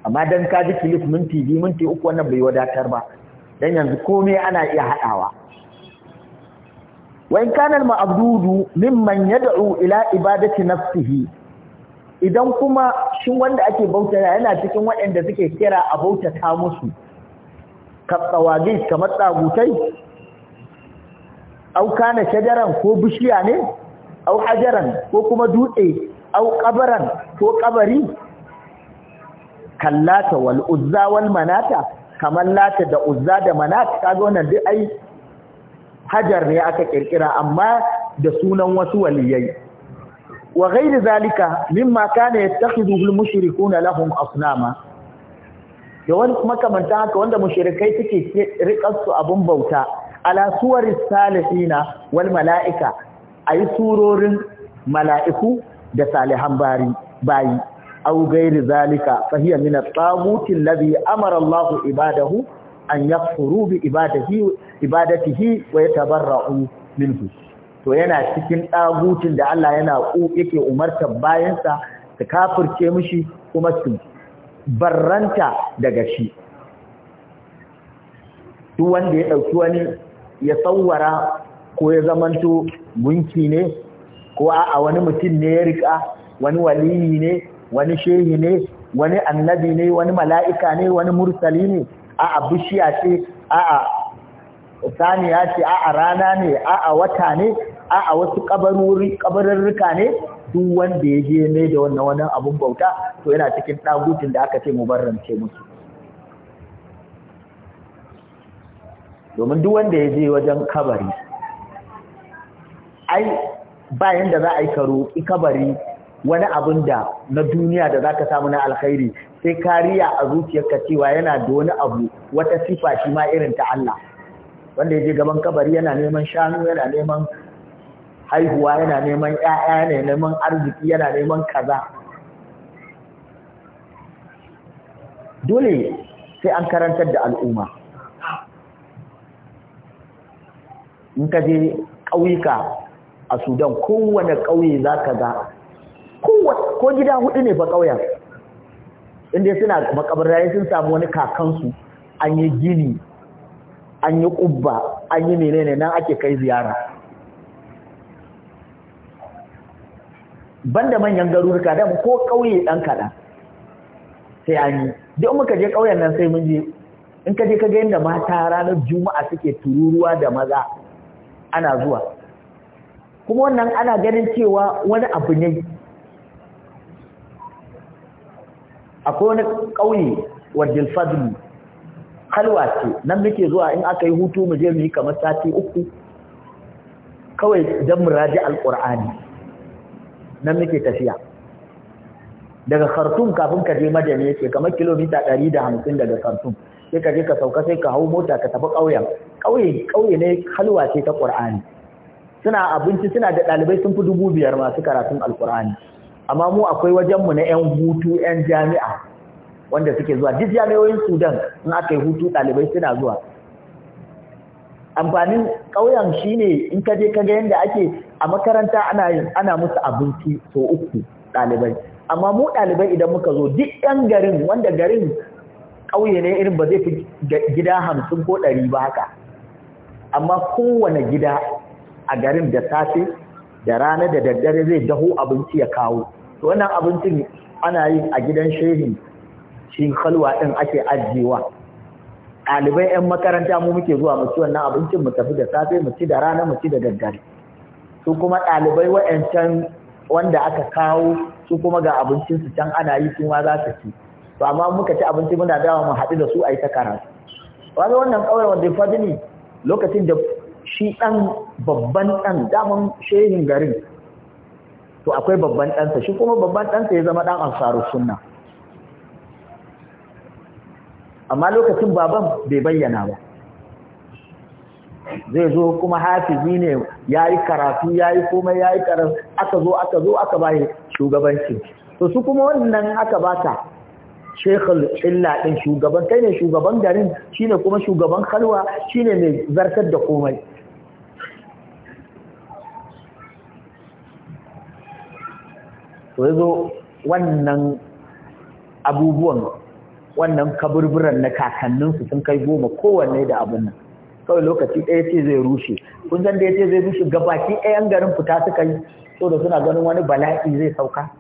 amma don ka ji kilif minti biyu minti uku wannan bai wadatar ba don yanzu komai ana iya haɗawa wa in kanar ma'abdudu mimman da'u ila ibadati nafsihi idan kuma shi wanda ake bauta yana cikin waɗanda suke kira a bautata musu tsawagi kamar tsagutai au kana shajaran ko bishiya ne au hajaran ko kuma dutse au kabaran ko kabari kallata wal uzza wal manata kamar lata da uzza da manata kaga wannan duk ai hajar ne aka kirkira amma da sunan wasu waliyai wa ghairi zalika mimma kana yattakhidhu al mushrikuna lahum asnama da wani ta haka wanda mushrikai suke riƙar su abun bauta ala suwaris salihina wal mala'ika ayi surorin mala'iku da salihan bari bayi aw gairi zalika fa hiya min at alladhi amara Allahu ibadahu an yakfuru bi ibadatihi ibadatihi wa yatabarra'u minhu to yana cikin ɗagucin da Allah yana ku yake umarta bayansa su kafirce mishi kuma su barranta daga shi duk wanda ya ɗauki wani ya tsawara ko ya zamanto gunki ne ko a wani mutum ne ya rika wani waliyi ne wani shehi ne wani annabi ne wani mala'ika ne wani mursali ne a'a bishiya ce a'a saniya ce a'a rana ne a'a wata ne a'a wasu kabarurruka ne duk wanda ya je ne da wannan wannan abun bauta to yana cikin ɗagutun da aka ce mu barrance musu domin duk wanda ya je wajen kabari ai bayan da za a yi karo i kabari wani abin da na duniya da za ka samu na alkhairi sai kariya a zuciyarka cewa yana da wani abu wata sifa shi ma irin ta Allah wanda ya je gaban kabari yana neman shanu yana neman haihuwa yana neman ƴaƴa yana neman arziki yana neman kaza dole sai an karantar da al'umma in ka je ƙauyuka a sudan kowane ƙauye za ka ga ko gida hudu ne ba ƙauyen inda suna makabarai sun samu wani kakansu an yi gini an yi ƙubba an yi menene nan ake kai ziyara banda manyan garuruka don ko ƙauye ɗan kaɗan sai an yi duk muka je ƙauyen nan sai mun je in ka je ka ga yadda mata ranar juma'a suke tururuwa da maza ana zuwa kuma wannan ana ganin cewa wani abu ne akwai wani ƙauye wajen fadli halwa ce nan muke zuwa in aka yi hutu mu je mu yi kamar sati uku kawai don mu raji alƙur'ani nan muke tafiya daga khartoum kafin ka je madani yake kamar kilomita 150 daga khartoum sai ka je ka sauka sai ka hau mota ka tafi ƙauyen ƙauye ƙauye ne halwa ce ta ƙur'ani suna abinci suna da ɗalibai sun fi dubu biyar masu karatun alƙur'ani amma mu akwai wajenmu na 'yan hutu 'yan jami'a wanda suke zuwa duk jami'oyin sudan in aka yi hutu ɗalibai suna zuwa amfanin ƙauyen shine in ka je ka ga yadda ake a makaranta ana ana musu abinci sau uku ɗalibai amma mu ɗalibai idan muka zo duk 'yan garin wanda garin ƙauye ne irin ba zai fi gida hamsin ko ɗari ba haka amma kowane gida a garin da safe da rana da daddare zai daho abinci ya kawo wannan abincin ana yi a gidan shehin shi halwa ɗin ake ajiyewa ɗalibai 'yan makaranta mu muke zuwa mu ci wannan abincin mu tafi da safe mu ci da rana mu ci da daddare su kuma ɗalibai wa'yancan wanda aka kawo su kuma ga abincinsu can ana yi su ma za su ci to amma muka ci abinci muna dawa mu haɗu da su a yi ta karatu wani wannan ƙauren wanda ya faɗi ne lokacin da shi ɗan babban ɗan daman shehin garin to akwai babban ɗansa shi kuma babban ɗansa ya zama ɗan ansaru sunna amma lokacin baban bai bayyana ba zai zo kuma hafizi ne ya yi karatu ya yi komai ya yi karatu aka zo aka zo aka ba shugabanci to su kuma wannan aka ta shekhul illa ɗin shugaban kai ne shugaban garin shine kuma shugaban halwa shine mai zartar da komai to yazo wannan abubuwan wannan kaburburan na kakanninsu sun kai goma kowanne da abin nan kawai lokaci ɗaya ce zai rushe kun san da ya ce zai rushe gabaki ɗayan garin fita suka yi so da suna ganin wani bala'i zai sauka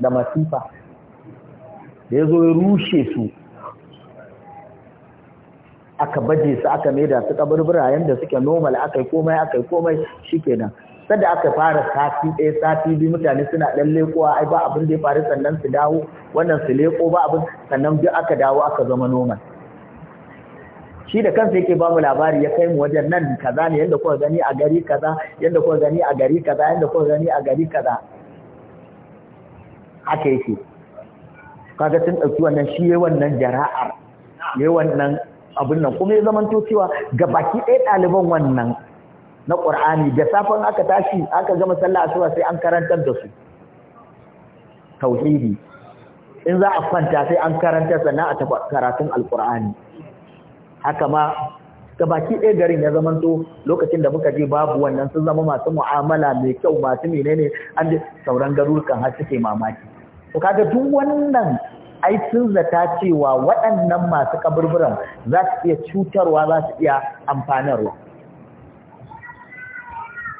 da masifa da ya zo ya rushe su aka baje su aka maida su kaburbura yanda suke normal aka yi komai aka yi komai shikenan sada aka fara sati ɗaya sati biyu mutane suna ɗan lekowa ai ba abin da ya faru sannan su dawo wannan su leko ba abin sannan duk aka dawo aka zama normal shi da kansa yake ba mu labari ya kai mu wajen nan kaza ne yanda kuka gani a gari kaza yanda kuka gani a gari kaza yanda kuka gani a gari kaza haka yake kaga sun ɗauki wannan shi yai wannan jara'ar yai wannan abin nan kuma ya zamanto cewa ga baki ɗaya ɗaliban wannan na ƙur'ani da safen aka tashi aka gama sallah asuba sai an karantar da su tauhidi in za a kwanta sai an karanta sannan a karatun alƙur'ani haka ma ga baki ɗaya garin ya zamanto lokacin da muka je babu wannan sun zama masu mu'amala mai kyau masu menene an sauran garurukan har suke mamaki to kaga duk wannan ai sun zata cewa waɗannan masu kaburburan za su iya cutarwa za su iya amfanarwa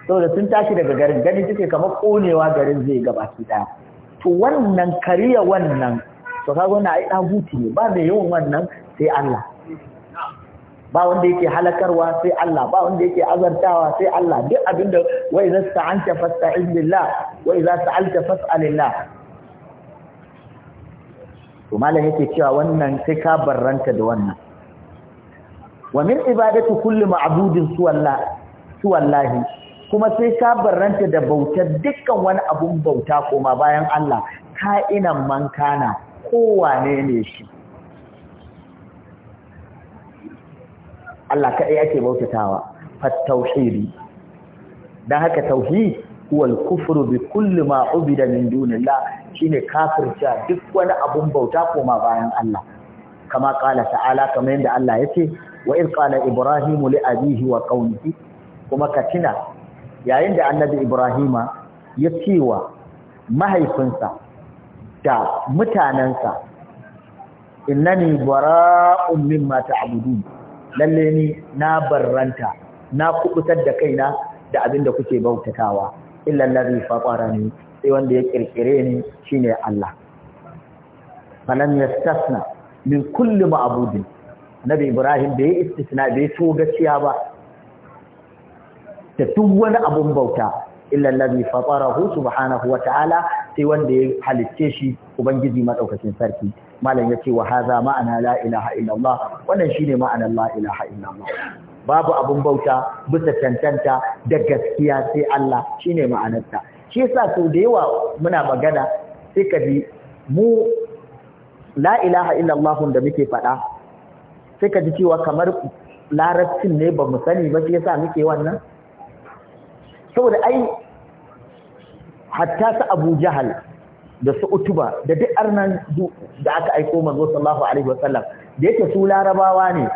saboda sun tashi daga garin gani suke kamar konewa garin zai gaba ki ɗaya to wannan kariya wannan to kaga wannan ai ɗaguti ne ba mai yawan wannan sai Allah ba wanda yake halakarwa sai Allah ba wanda yake azartawa sai Allah duk abinda wai idza anta fasta'in billah wai idza sa'alta fas'alillah to malam yake cewa wannan sai ka barranta da wannan wa min ibadatu kulli ma'budin su wallahi? kuma sai ka barranta da bautar dukkan wani abun bauta koma bayan Allah ka'inan man kana kowane ne shi Allah kaɗai ake bautatawa tauhidi dan haka tauhid huwa al-kufru bi kulli ma ubida min dunillah shine kafirta duk wani abun bauta koma bayan Allah kama kala ta'ala kamar yadda Allah yace wa id qala ibrahim li abihi wa qaumihi kuma Katina yayin da annabi ibrahima ya cewa mahaifinsa da mutanansa innani bara'un mimma ta'budun lalle ni na barranta na kubutar da kaina da abin da kuke bautatawa illa faɓara ne sai wanda ya ƙirƙire ni shine Allah falan yastasna min kulli ma'budin nabi ibrahim bai istisna bai so gaciya ba da duk wani abun bauta illa allazi fatarahu subhanahu wa ta'ala sai wanda ya halicce shi ubangiji maɗaukacin sarki malam ce wa haza ma'ana la ilaha illallah wannan shine ma'anar la ilaha illallah babu abun bauta bisa cancanta da gaskiya sai Allah shi ne ma'anarta shi sa sau da yawa muna magana sai ka ji mu la'ilaha illallah da muke faɗa sai ka ji cewa kamar larabcin ne ba mu sani ba shi yasa muke wannan saboda ai hatta su Abu Jahal da su Utuba da duk arnan da aka aiko manzo sallahu alaihi wasallam da yake su larabawa ne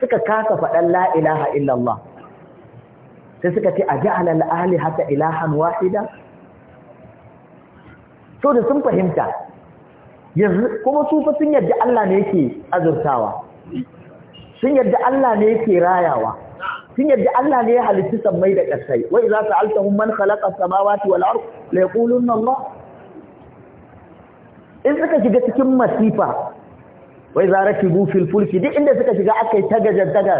suka kasa faɗan la'ilaha illallah sai suka ce a ja'ala al-alihata ilahan wahida to da sun fahimta kuma su fa sun yadda Allah ne ke azurtawa sun yadda Allah ne ke rayawa sun yadda Allah ne ya halitta sammai da ƙasai wai za su man khalaqa as-samawati wal ard la yaquluna Allah in suka shiga cikin masifa wai zaraki bufil fulki duk inda suka shiga aka yi tagajar daga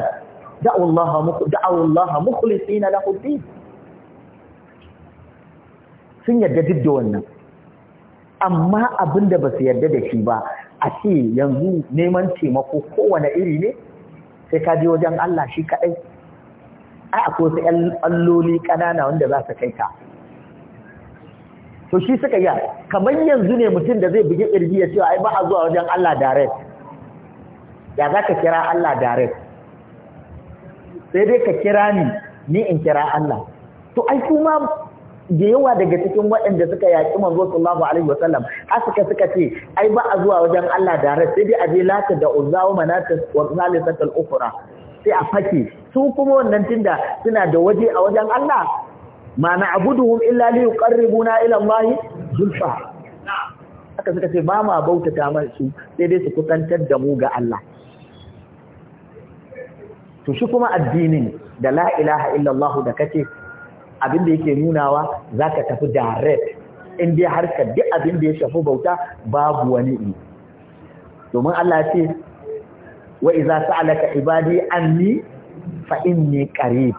da'awullaha mukhlisina lahu din sun yarda duk da wannan amma abinda ba su yarda da shi ba a ce yanzu neman taimako kowane iri ne sai ka je wajen Allah shi kaɗai ai akwai wasu alloli ƙanana wanda za su kai ka to shi suka yi kamar yanzu ne mutum da zai buge irgi ya cewa ai ba a zuwa wajen Allah direct ya za ka kira Allah direct sai dai ka kira ni ni in kira Allah to ai kuma da yawa daga cikin waɗanda suka yaƙi manzo sallallahu alaihi wasallam har suka suka ce ai ba a zuwa wajen Allah direct sai dai a je lati da uzza wa manat wa zalisatul ukhra sai a fake su kuma wannan tunda suna da waje a wajen Allah ma na'buduhum illa li yuqarribuna ila Allah zulfa haka suka ce ba ma bautata mai su sai dai su kusantar da mu ga Allah to shi kuma addinin da la ilaha illallah da kace abin da yake nunawa zaka tafi direct in dai harka duk abin da ya shafi bauta babu wani domin Allah ya ce wa iza sa'alaka ibadi anni fa inni qarib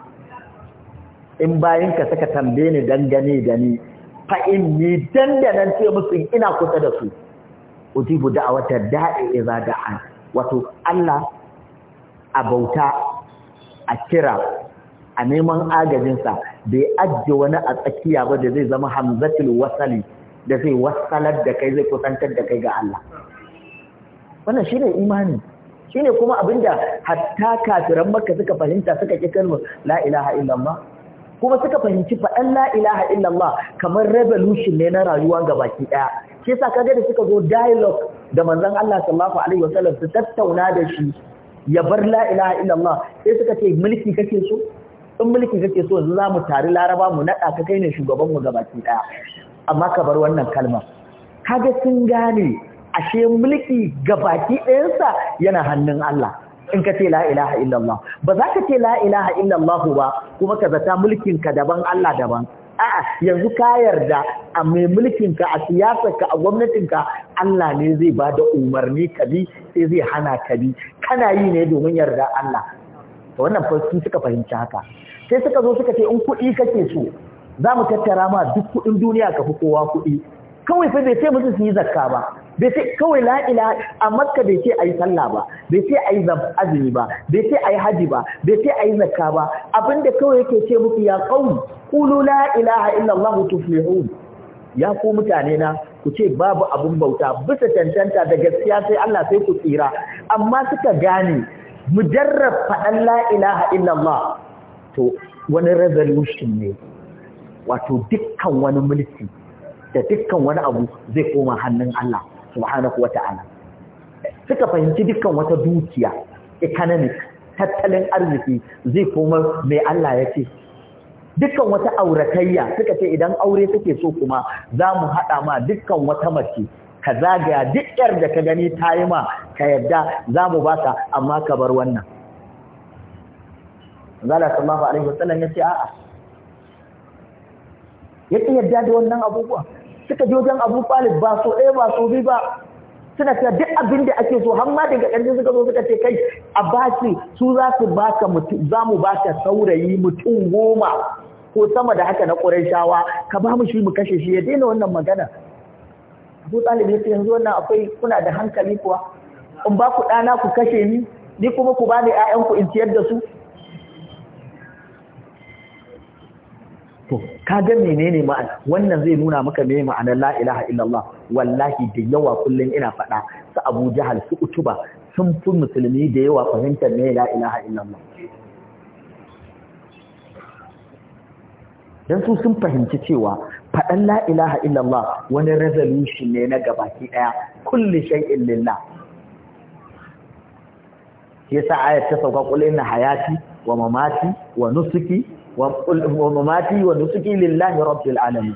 in bayin ka saka tambaye ni dangane da ni fa inni dandanan ce musu ina kusa da su ujibu da'awata da'i iza da'a wato Allah a bauta a kira a neman agajinsa bai ajiye wani a tsakiya ba da zai zama hamzatul wasali da zai wasalar da kai zai kusantar da kai ga Allah wannan shi ne imani ne kuma abinda hatta kafiran maka suka fahimta suka ƙi kalma la ilaha illallah kuma suka fahimci faɗan la ilaha illallah kamar revolution ne na rayuwa ga baki ɗaya Ke sa kaga da suka zo dialogue da manzon Allah sallallahu alaihi wasallam su tattauna da shi ya bar la ilaha illallah sai suka ce mulki kake so in mulki kake so yanzu zamu tari laraba mu nada ka kai ne shugaban mu gabaki ɗaya. amma ka bar wannan kalmar kaga sun gane ashe mulki gabaki ɗayansa yana hannun Allah in ka ce la ilaha illallah ba za ka ce la ilaha illallah ba kuma ka zata mulkin ka daban Allah daban a'a yanzu ka yarda a mai mulkin ka a siyasar ka a gwamnatin ka Allah ne zai ba da umarni kabi sai zai hana bi kana yi ne domin yarda Allah to wannan fa sun suka fahimci haka sai suka zo suka ce in kuɗi kake so za mu tattara ma duk kuɗin duniya ka fi kowa kuɗi kawai sai bai ce musu su yi zakka ba bai ce kawai la a makka bai ce ayi sallah ba bai ce ayi azumi ba bai ce ayi haji ba bai ce ayi zakka ba abinda kawai yake ce muku ya ƙauni. Kulu la ilaha illallahu tuflihun ya ku mutane na ku ce babu abun bauta bisa tantanta da gaskiya sai Allah sai ku tsira amma suka gane mujarrab fa la ilaha illallah to wani resolution ne wato dukkan wani mulki da dukkan wani abu zai koma hannun Allah subhanahu wata'ala suka fahimci dukkan wata dukiya economic tattalin arziki zai koma mai Allah ya ce dukkan wata auratayya suka ce idan aure suke so kuma za mu haɗa ma dukkan wata mace ka zagaya duk yar da ka gani ta yi ma ka yadda za mu ba ka amma ka bar wannan zala sallallahu alaihi wasallam ya ce a'a ya ƙi yadda da wannan abubuwa suka je wajen Abu Talib ba so ɗaya ba so biyu ba suna cewa duk abin da ake so har ma daga ƙarshe suka zo suka ce kai a baki su za su baka mutum za mu ka saurayi mutum goma ko sama da haka na shawa. ka ba mu shi mu kashe shi ya daina wannan magana Abu Talib yace yanzu wannan akwai kuna da hankali kuwa in ba ku ɗana ku kashe ni ni kuma ku ba ni in ciyar da su to kaga menene ma'ana wannan zai nuna maka me ma'anar la ilaha illallah wallahi da yawa kullun ina faɗa su Abu Jahal su Utuba sun fi musulmi da yawa fahimtar me la ilaha illallah Idan su sun fahimci cewa faɗan la ilaha illallah wani resolution ne na gabaki ɗaya kulli shay'in lillah yasa ayat ta sauka qul na hayati wa mamati wa nusuki wa mamati wa nusuki lillahi falati alamin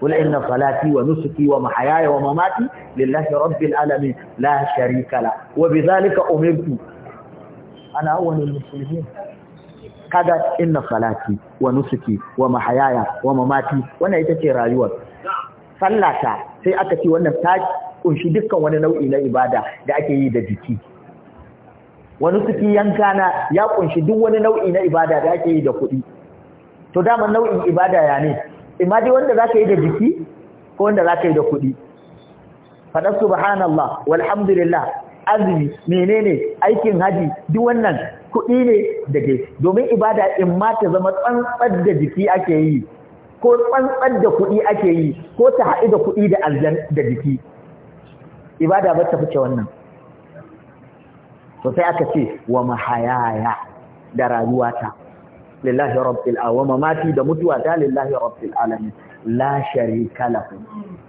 قل إن صلاتي wa mamati lillahi لله رب العالمين لا شريك له وبذلك أمرت ana wani musulmi. kada inna salati wa nusuki wa mahayaya wa mamati wannan ita ce rayuwar sallata sai aka ce wannan ta kunshi dukkan wani nau'i na ibada da ake yi da jiki wani nusuki yanka na ya kunshi duk wani nau'i na ibada da ake yi da kuɗi to dama nau'in ibada ya ne imma dai wanda zaka yi da jiki ko wanda zaka yi da kuɗi faɗar subhanallah walhamdulillah azumi menene aikin haji duk wannan kuɗi ne da ke domin ibada in ma ta zama tsantsar da jiki ake yi ko tsantsar da kuɗi ake yi ko ta haɗu da kuɗi da aljan da jiki ibada ba ta fice wannan Sosai aka ce wa mahayaya da rayuwata lillahi rabbil alamin wa mati da mutuwa ta lillahi rabbil alamin la sharika lahu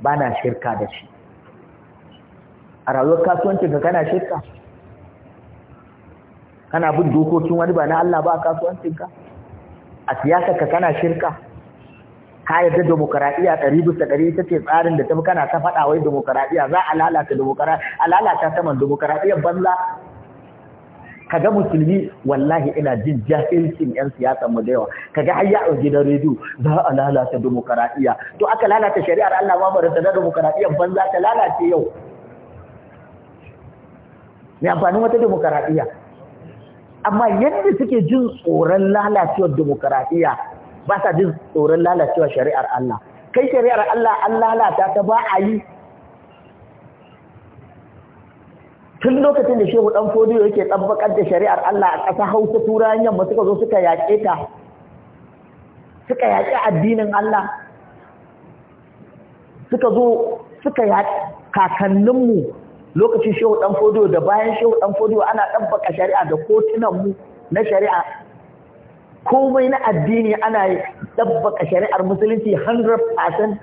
bana shirka da shi a rayuwar kasuwanci ka kana shirka kana bin dokokin wani ba na Allah ba a kasuwancinka a siyasarka kana shirka ka yarda demokaradiyya ɗari bisa ɗari ita ce tsarin da tafi kana ta faɗa wai demokaradiyya za a lalata demokaradiyya a lalata saman demokaradiyyar banza Ka ga musulmi wallahi ina jin jahilcin yan siyasar mu da yawa ka ga hayya a gidan rediyo za a lalata demokaradiyya to aka lalata shari'ar Allah ma bara da demokaradiyyar banza ta lalace yau me amfanin wata demokaradiyya amma yadda suke jin tsoron lalacewar demokaradiyya ba sa jin tsoron lalacewar shari'ar Allah kai shari'ar Allah an lalata ta ba a yi tun lokacin da shehu dan fodiyo yake tsabbakar da shari'ar Allah a ƙasa hausa turayen yamma suka zo suka yaƙe ta suka yaƙi addinin Allah suka zo suka yaƙi kakanninmu lokacin shehu dan fodiyo da bayan shehu dan fodiyo ana ɗabbaka shari'a da kotunan mu na shari'a komai na addini ana ɗabbaka shari'ar musulunci 100%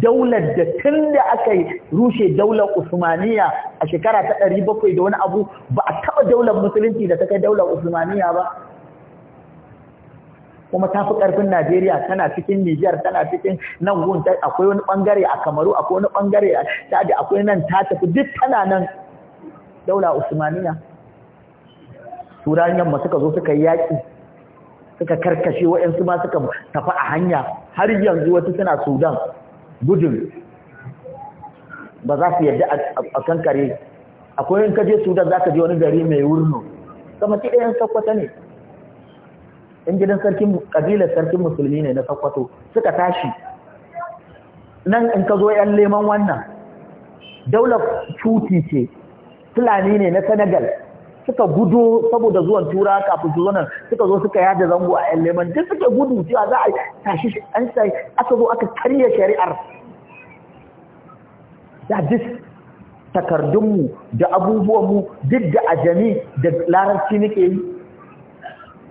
daular da tun da aka rushe daular usmaniya a shekara ta 700 da wani abu ba a taɓa daular musulunci da ta kai daular usmaniya ba kuma ta fi ƙarfin Najeriya tana cikin Nijar tana cikin nan gun akwai wani ɓangare a Kamaru akwai wani ɓangare a Chad akwai nan ta tafi duk tana nan daula Usmaniya Turayen mu suka zo suka yi yaƙi suka karkashe waɗansu ma suka tafi a hanya har yanzu wata suna Sudan gudun ba za su yadda a kankare akwai yin kaje Sudan za ka je wani gari mai wurno kamar ɗayan sakwata ne in gidan sarkin kabilar sarkin musulmi ne na sakwato suka tashi nan in ka zo yan leman wannan daular cuti ce fulani ne na senegal suka gudu saboda zuwan tura kafin su suka zo suka yada zango a yan leman duk suke gudu cewa za a tashi an sai aka zo aka karya shari'ar da duk takardunmu da abubuwanmu duk da ajami da larabci nake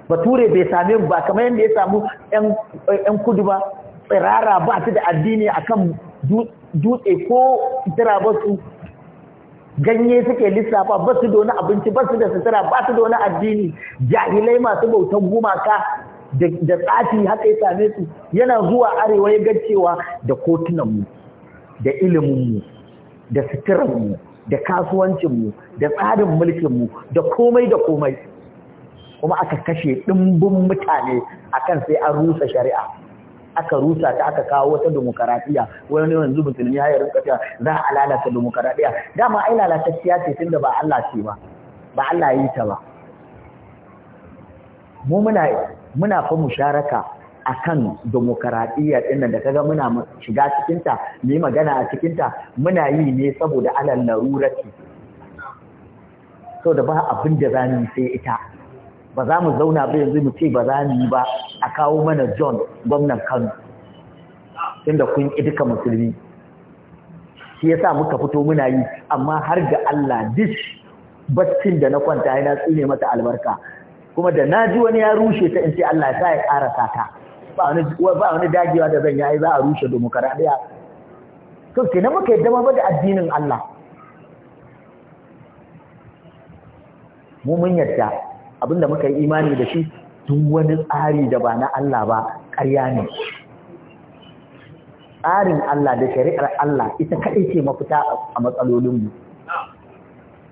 bature bai same ba kamar yadda ya samu yan kudu ba tsirara ba su da addini akan dutse ko sutura ba su ganye suke lissafa ba su da abinci ba su da sutura ba su da addini jahilai masu bautan gumaka da tsafi haka ya same su yana zuwa arewa ya ga cewa da kotunanmu da iliminmu da suturanmu da kasuwancinmu da tsarin mulkinmu da komai da komai kuma aka kashe ɗimbin mutane akan sai an rusa shari'a aka rusa ta aka kawo wata demokaratiya wani yanzu mutum ya yi rinka cewa za a lalata demokaratiya dama ai lalatacciya ce tunda ba Allah ce ba ba Allah yi ta ba mu muna muna fa musharaka akan demokaratiya din da kaga muna shiga cikinta, ta mu magana a cikinta, muna yi ne saboda alal larurati so da ba abin da zamu sai ita ba za mu zauna ba yanzu mu ce ba za mu yi ba a kawo mana John gwamnan Kano tunda kun yi duka musulmi shi yasa muka fito muna yi amma har ga Allah dish baccin da na kwanta yana tsine mata albarka kuma da naji wani ya rushe ta in ce Allah ya sa ya karasa ta ba wani dagewa da zan yi za a rushe domin demokaradiyya to kenan muka yadda ba da addinin Allah mu mun yadda abinda muka yi imani da shi duk wani tsari da ba na Allah ba ƙarya ne tsarin Allah da shari'ar Allah ita kaɗai ce mafita a matsalolinmu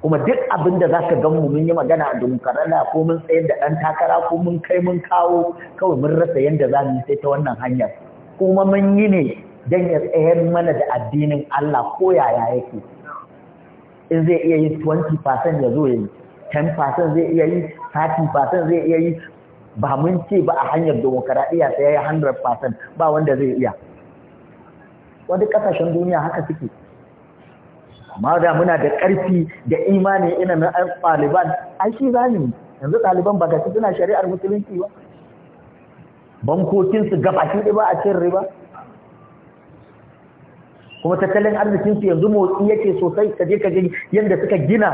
kuma duk abin da za ka gan mu mun yi magana a dunkarana ko mun tsayar da ɗan takara ko mun kai mun kawo kawai mun rasa yadda za mu yi sai ta wannan hanyar kuma mun yi ne don ya tsayar mana da addinin Allah ko yaya yake in zai iya yin 20% ya zo ya yi 10% zai iya yi 30% zai iya yi ba mun ce ba a hanyar demokaradiyya sai ya yi 100% ba wanda zai iya wani kasashen duniya haka suke amma da muna da ƙarfi da imani ina na ɗaliban ai shi zani yanzu ɗaliban ba su suna shari'ar musulunci ba bankokinsu gabaki ɗaya ba a cin riba kuma tattalin arzikinsu yanzu motsi yake sosai kaje kaje yadda suka gina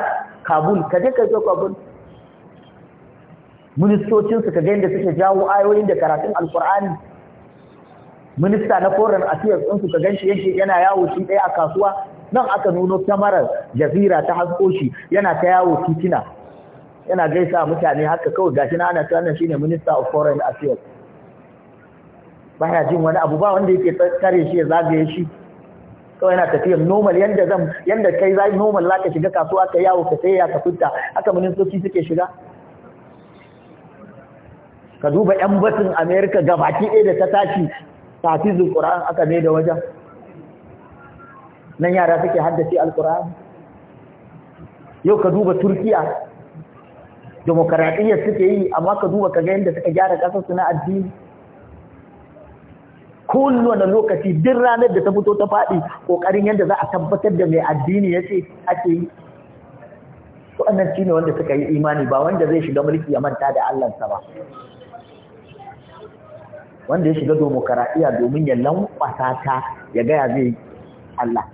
kabul ka je ka je kabul ministocin ka ga yadda suke jawo ayoyin da karatun alqur'ani minista na foreign affairs din su ka ganshi yake yana yawo shi ɗaya a kasuwa nan aka nuno kamarar jazira ta hasko shi yana ta yawo titina yana gaisa mutane haka kawai gashi na ana tsanan shine minister of foreign affairs baya jin wani abu ba wanda yake tsare shi ya zagaye shi kawai yana tafiyar normal yadda zan yadda kai zai normal za ka shiga kasuwa ka yawo ka saya ka fita haka soki suke shiga ka duba yan batun america baki ɗaya da ta tashi tafizul qur'an aka mai da wajen nan yara suke haddace alƙura'an yau ka duba turkiya demokaradiyyar suke yi amma ka duba ka ga yadda suka gyara ƙasar su na addini kowane lokaci din ranar da ta fito ta faɗi ƙoƙarin yadda za a tabbatar da mai addini ya ce ake yi waɗannan shi ne wanda suka yi imani ba wanda zai shiga mulki ya manta da Allahnsa ba wanda ya shiga domokaraɗiyya domin ya lankwasa ta ya gaya zai Allah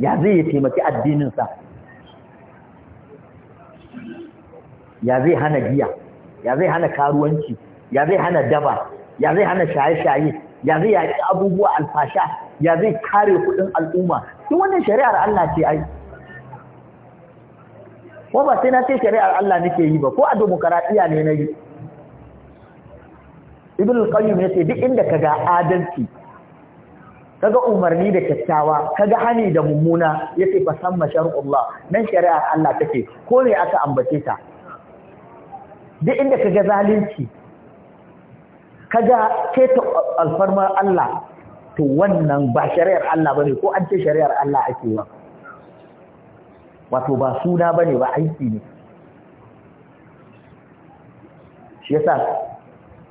ya zai ya taimaki addininsa ya zai hana giya ya zai hana karuwanci ya zai hana daba ya zai hana shaye-shaye ya zai yaƙi abubuwa alfasha ya zai kare kuɗin al'umma duk wannan shari'ar Allah ce ai ko ba sai na ce shari'ar Allah nake yi ba ko a demokaradiya ne na yi ibn al-qayyim yace duk inda kaga adalci kaga umarni da kyakkyawa kaga hani da mummuna yace fa samma Allah, nan shari'ar Allah take ko ne aka ambace ta duk inda kaga zalunci kaga ta alfarmar Allah to wannan ba shari'ar Allah bane ko an ce shari'ar Allah ake wa wato ba suna bane ba aiki ne shi yasa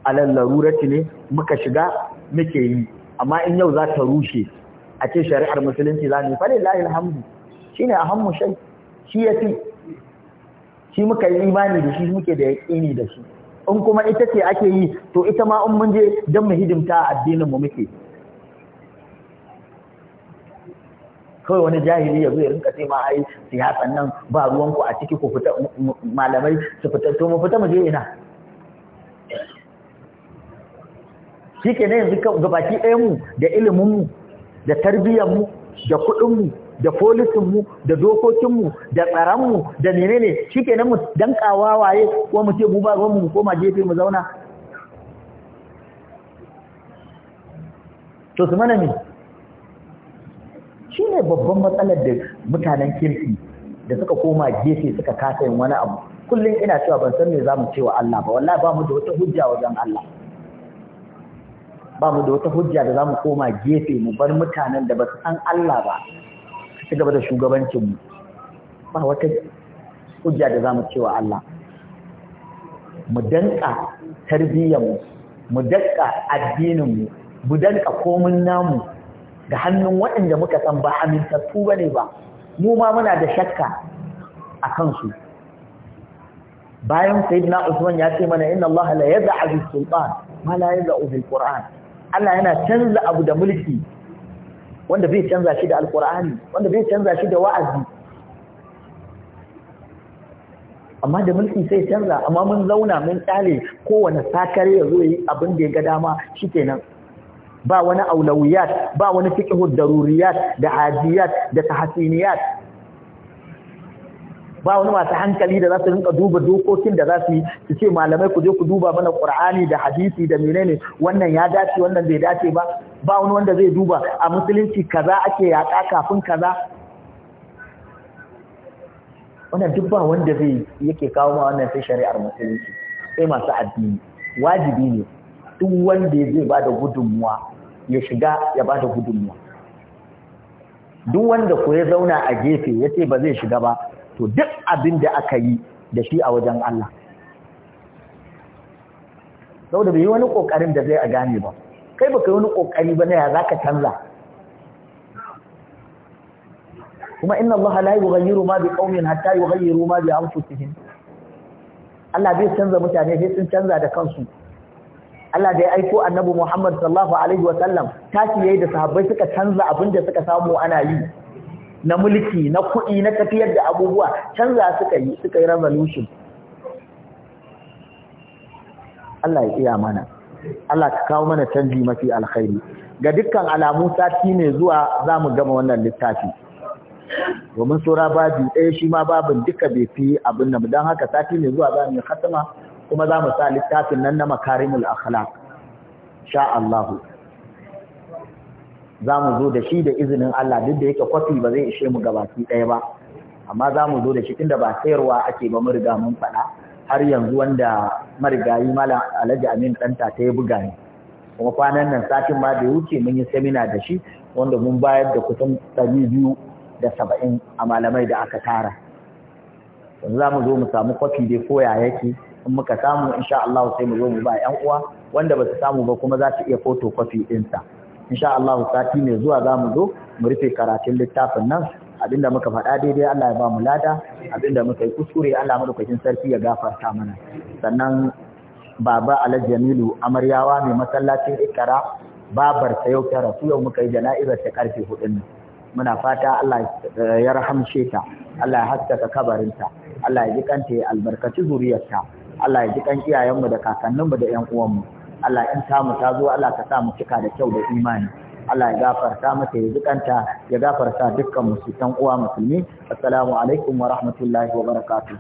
alal larurati ne muka shiga muke yi amma in yau za ta rushe a ce shari'ar musulunci za ne fa lillahi alhamdu shine ahammu shay shi yafi shi muka yi imani da shi muke da yaqini da shi in kuma ita ce ake yi to ita ma in mun je don mu hidimta addinin mu muke kawai wani jahili ya zo ya rinka sai ma ai siyasan nan ba ruwanku a ciki ku fita malamai su fita to mu fita mu je ina shi na ne yanzu gabaki ɗayan mu da ilimin mu da tarbiyyar mu da kuɗin mu da polisinmu da dokokinmu da tsaronmu da menene shi ke mu dankawa waye ko mu ce buba ba ruwanmu mu koma jefe mu zauna to su mana ne shi ne babban matsalar da mutanen kirki da suka koma gefe suka kasa yin wani abu kullum ina cewa ban san me za mu cewa Allah ba wallahi ba mu da wata hujja wajen Allah ba mu da wata hujja da za mu koma gefe mu bar mutanen da ba su san Allah ba ka ci gaba da shugabancinmu ba wata hujja da za mu cewa Allah mu danka tarbiyyarmu mu danka addininmu mu danka komin namu da hannun waɗanda muka san ba amintattu ba ne ba mu ma muna da shakka a kansu bayan na Usman ya ce mana inna Allah la yad'u sultan ma la yad'u bil Qur'an Allah yana canza abu da mulki wanda bai canza shi da alkur'ani wanda bai canza shi da wa'azi amma da mulki sai canza amma mun zauna mun tsale kowane sakare ya zo yi abin da ya ga dama shi kenan ba wani aulawiyat ba wani fiqhu daruriyat da hajiyat da tahsiniyat ba wani masu hankali da za su rinka duba dokokin da za su yi su ce malamai ku je ku duba mana qur'ani da hadisi da menene wannan ya dace wannan bai dace ba ba wani wanda zai duba a musulunci kaza ake yaƙa kafin kaza wannan duk ba wanda zai yake kawo ma wannan sai shari'ar musulunci sai masu addini wajibi ne duk wanda zai ba da gudunmuwa ya shiga ya ba da gudunmuwa duk wanda ku ya zauna a gefe ya ce ba zai shiga ba to duk abin da aka yi da shi a wajen Allah saboda bai yi wani kokarin da zai a gane ba kai baka yi wani kokari ba na ya zaka canza kuma inna Allah la yughayyiru ma bi qaumin hatta yughayyiru ma bi anfusihim Allah bai canza mutane sai sun canza da kansu Allah da ya aiko Annabi Muhammad sallallahu alaihi wa sallam tashi yayi da sahabbai suka canza abin da suka samu ana yi na mulki na kuɗi na tafiyar da abubuwa canza suka yi suka yi revolution Allah ya iya mana Allah ka kawo mana canji mafi alkhairi ga dukkan alamu sati ne zuwa za mu gama wannan littafi domin saura babu ɗaya shi ma babin duka bai fi abin nan don haka sati ne zuwa za mu yi khatama kuma za mu sa littafin nan na makarimul akhlaq sha Allahu za mu zo da shi da izinin Allah duk da yake kwafi ba zai ishe mu gabaki ɗaya ba amma za mu zo da shi tunda ba sayarwa ake ba mu mun faɗa har yanzu wanda marigayi malam Alhaji Amin ɗanta ta ya buga ne. kuma kwanan nan satin ma da wuce mun yi semina da shi wanda mun bayar da kusan ɗari biyu da saba'in a malamai da aka tara yanzu za mu zo mu samu kwafi dai koya yake in muka samu insha Allah sai mu zo mu ba 'yan uwa wanda ba su samu ba kuma za su iya kwafi ɗinsa. insha Allah sati ne zuwa zamu zo mu rufe karatun littafin nan abinda muka faɗa daidai Allah ya ba mu lada abinda muka yi kuskure Allah madaukakin sarki ya gafarta mana sannan baba Alhaji Jamilu amaryawa mai masallacin Ikara babar ta yau ta rasu yau muka yi jana'izar ta karfe hudun nan muna fata Allah ya rahamshe ta Allah ya haskaka kabarinta Allah ya ji kanta ya albarkaci zuriyarta Allah ya ji kan iyayenmu da kakanninmu da ƴan uwanmu Allah in ta mu ta zo Allah ka sa mu cika da kyau da imani Allah ya gafarta mata ya zikanta ya gafarta dukkan musulman uwa musulmi assalamu alaikum wa rahmatullahi wa barakatuh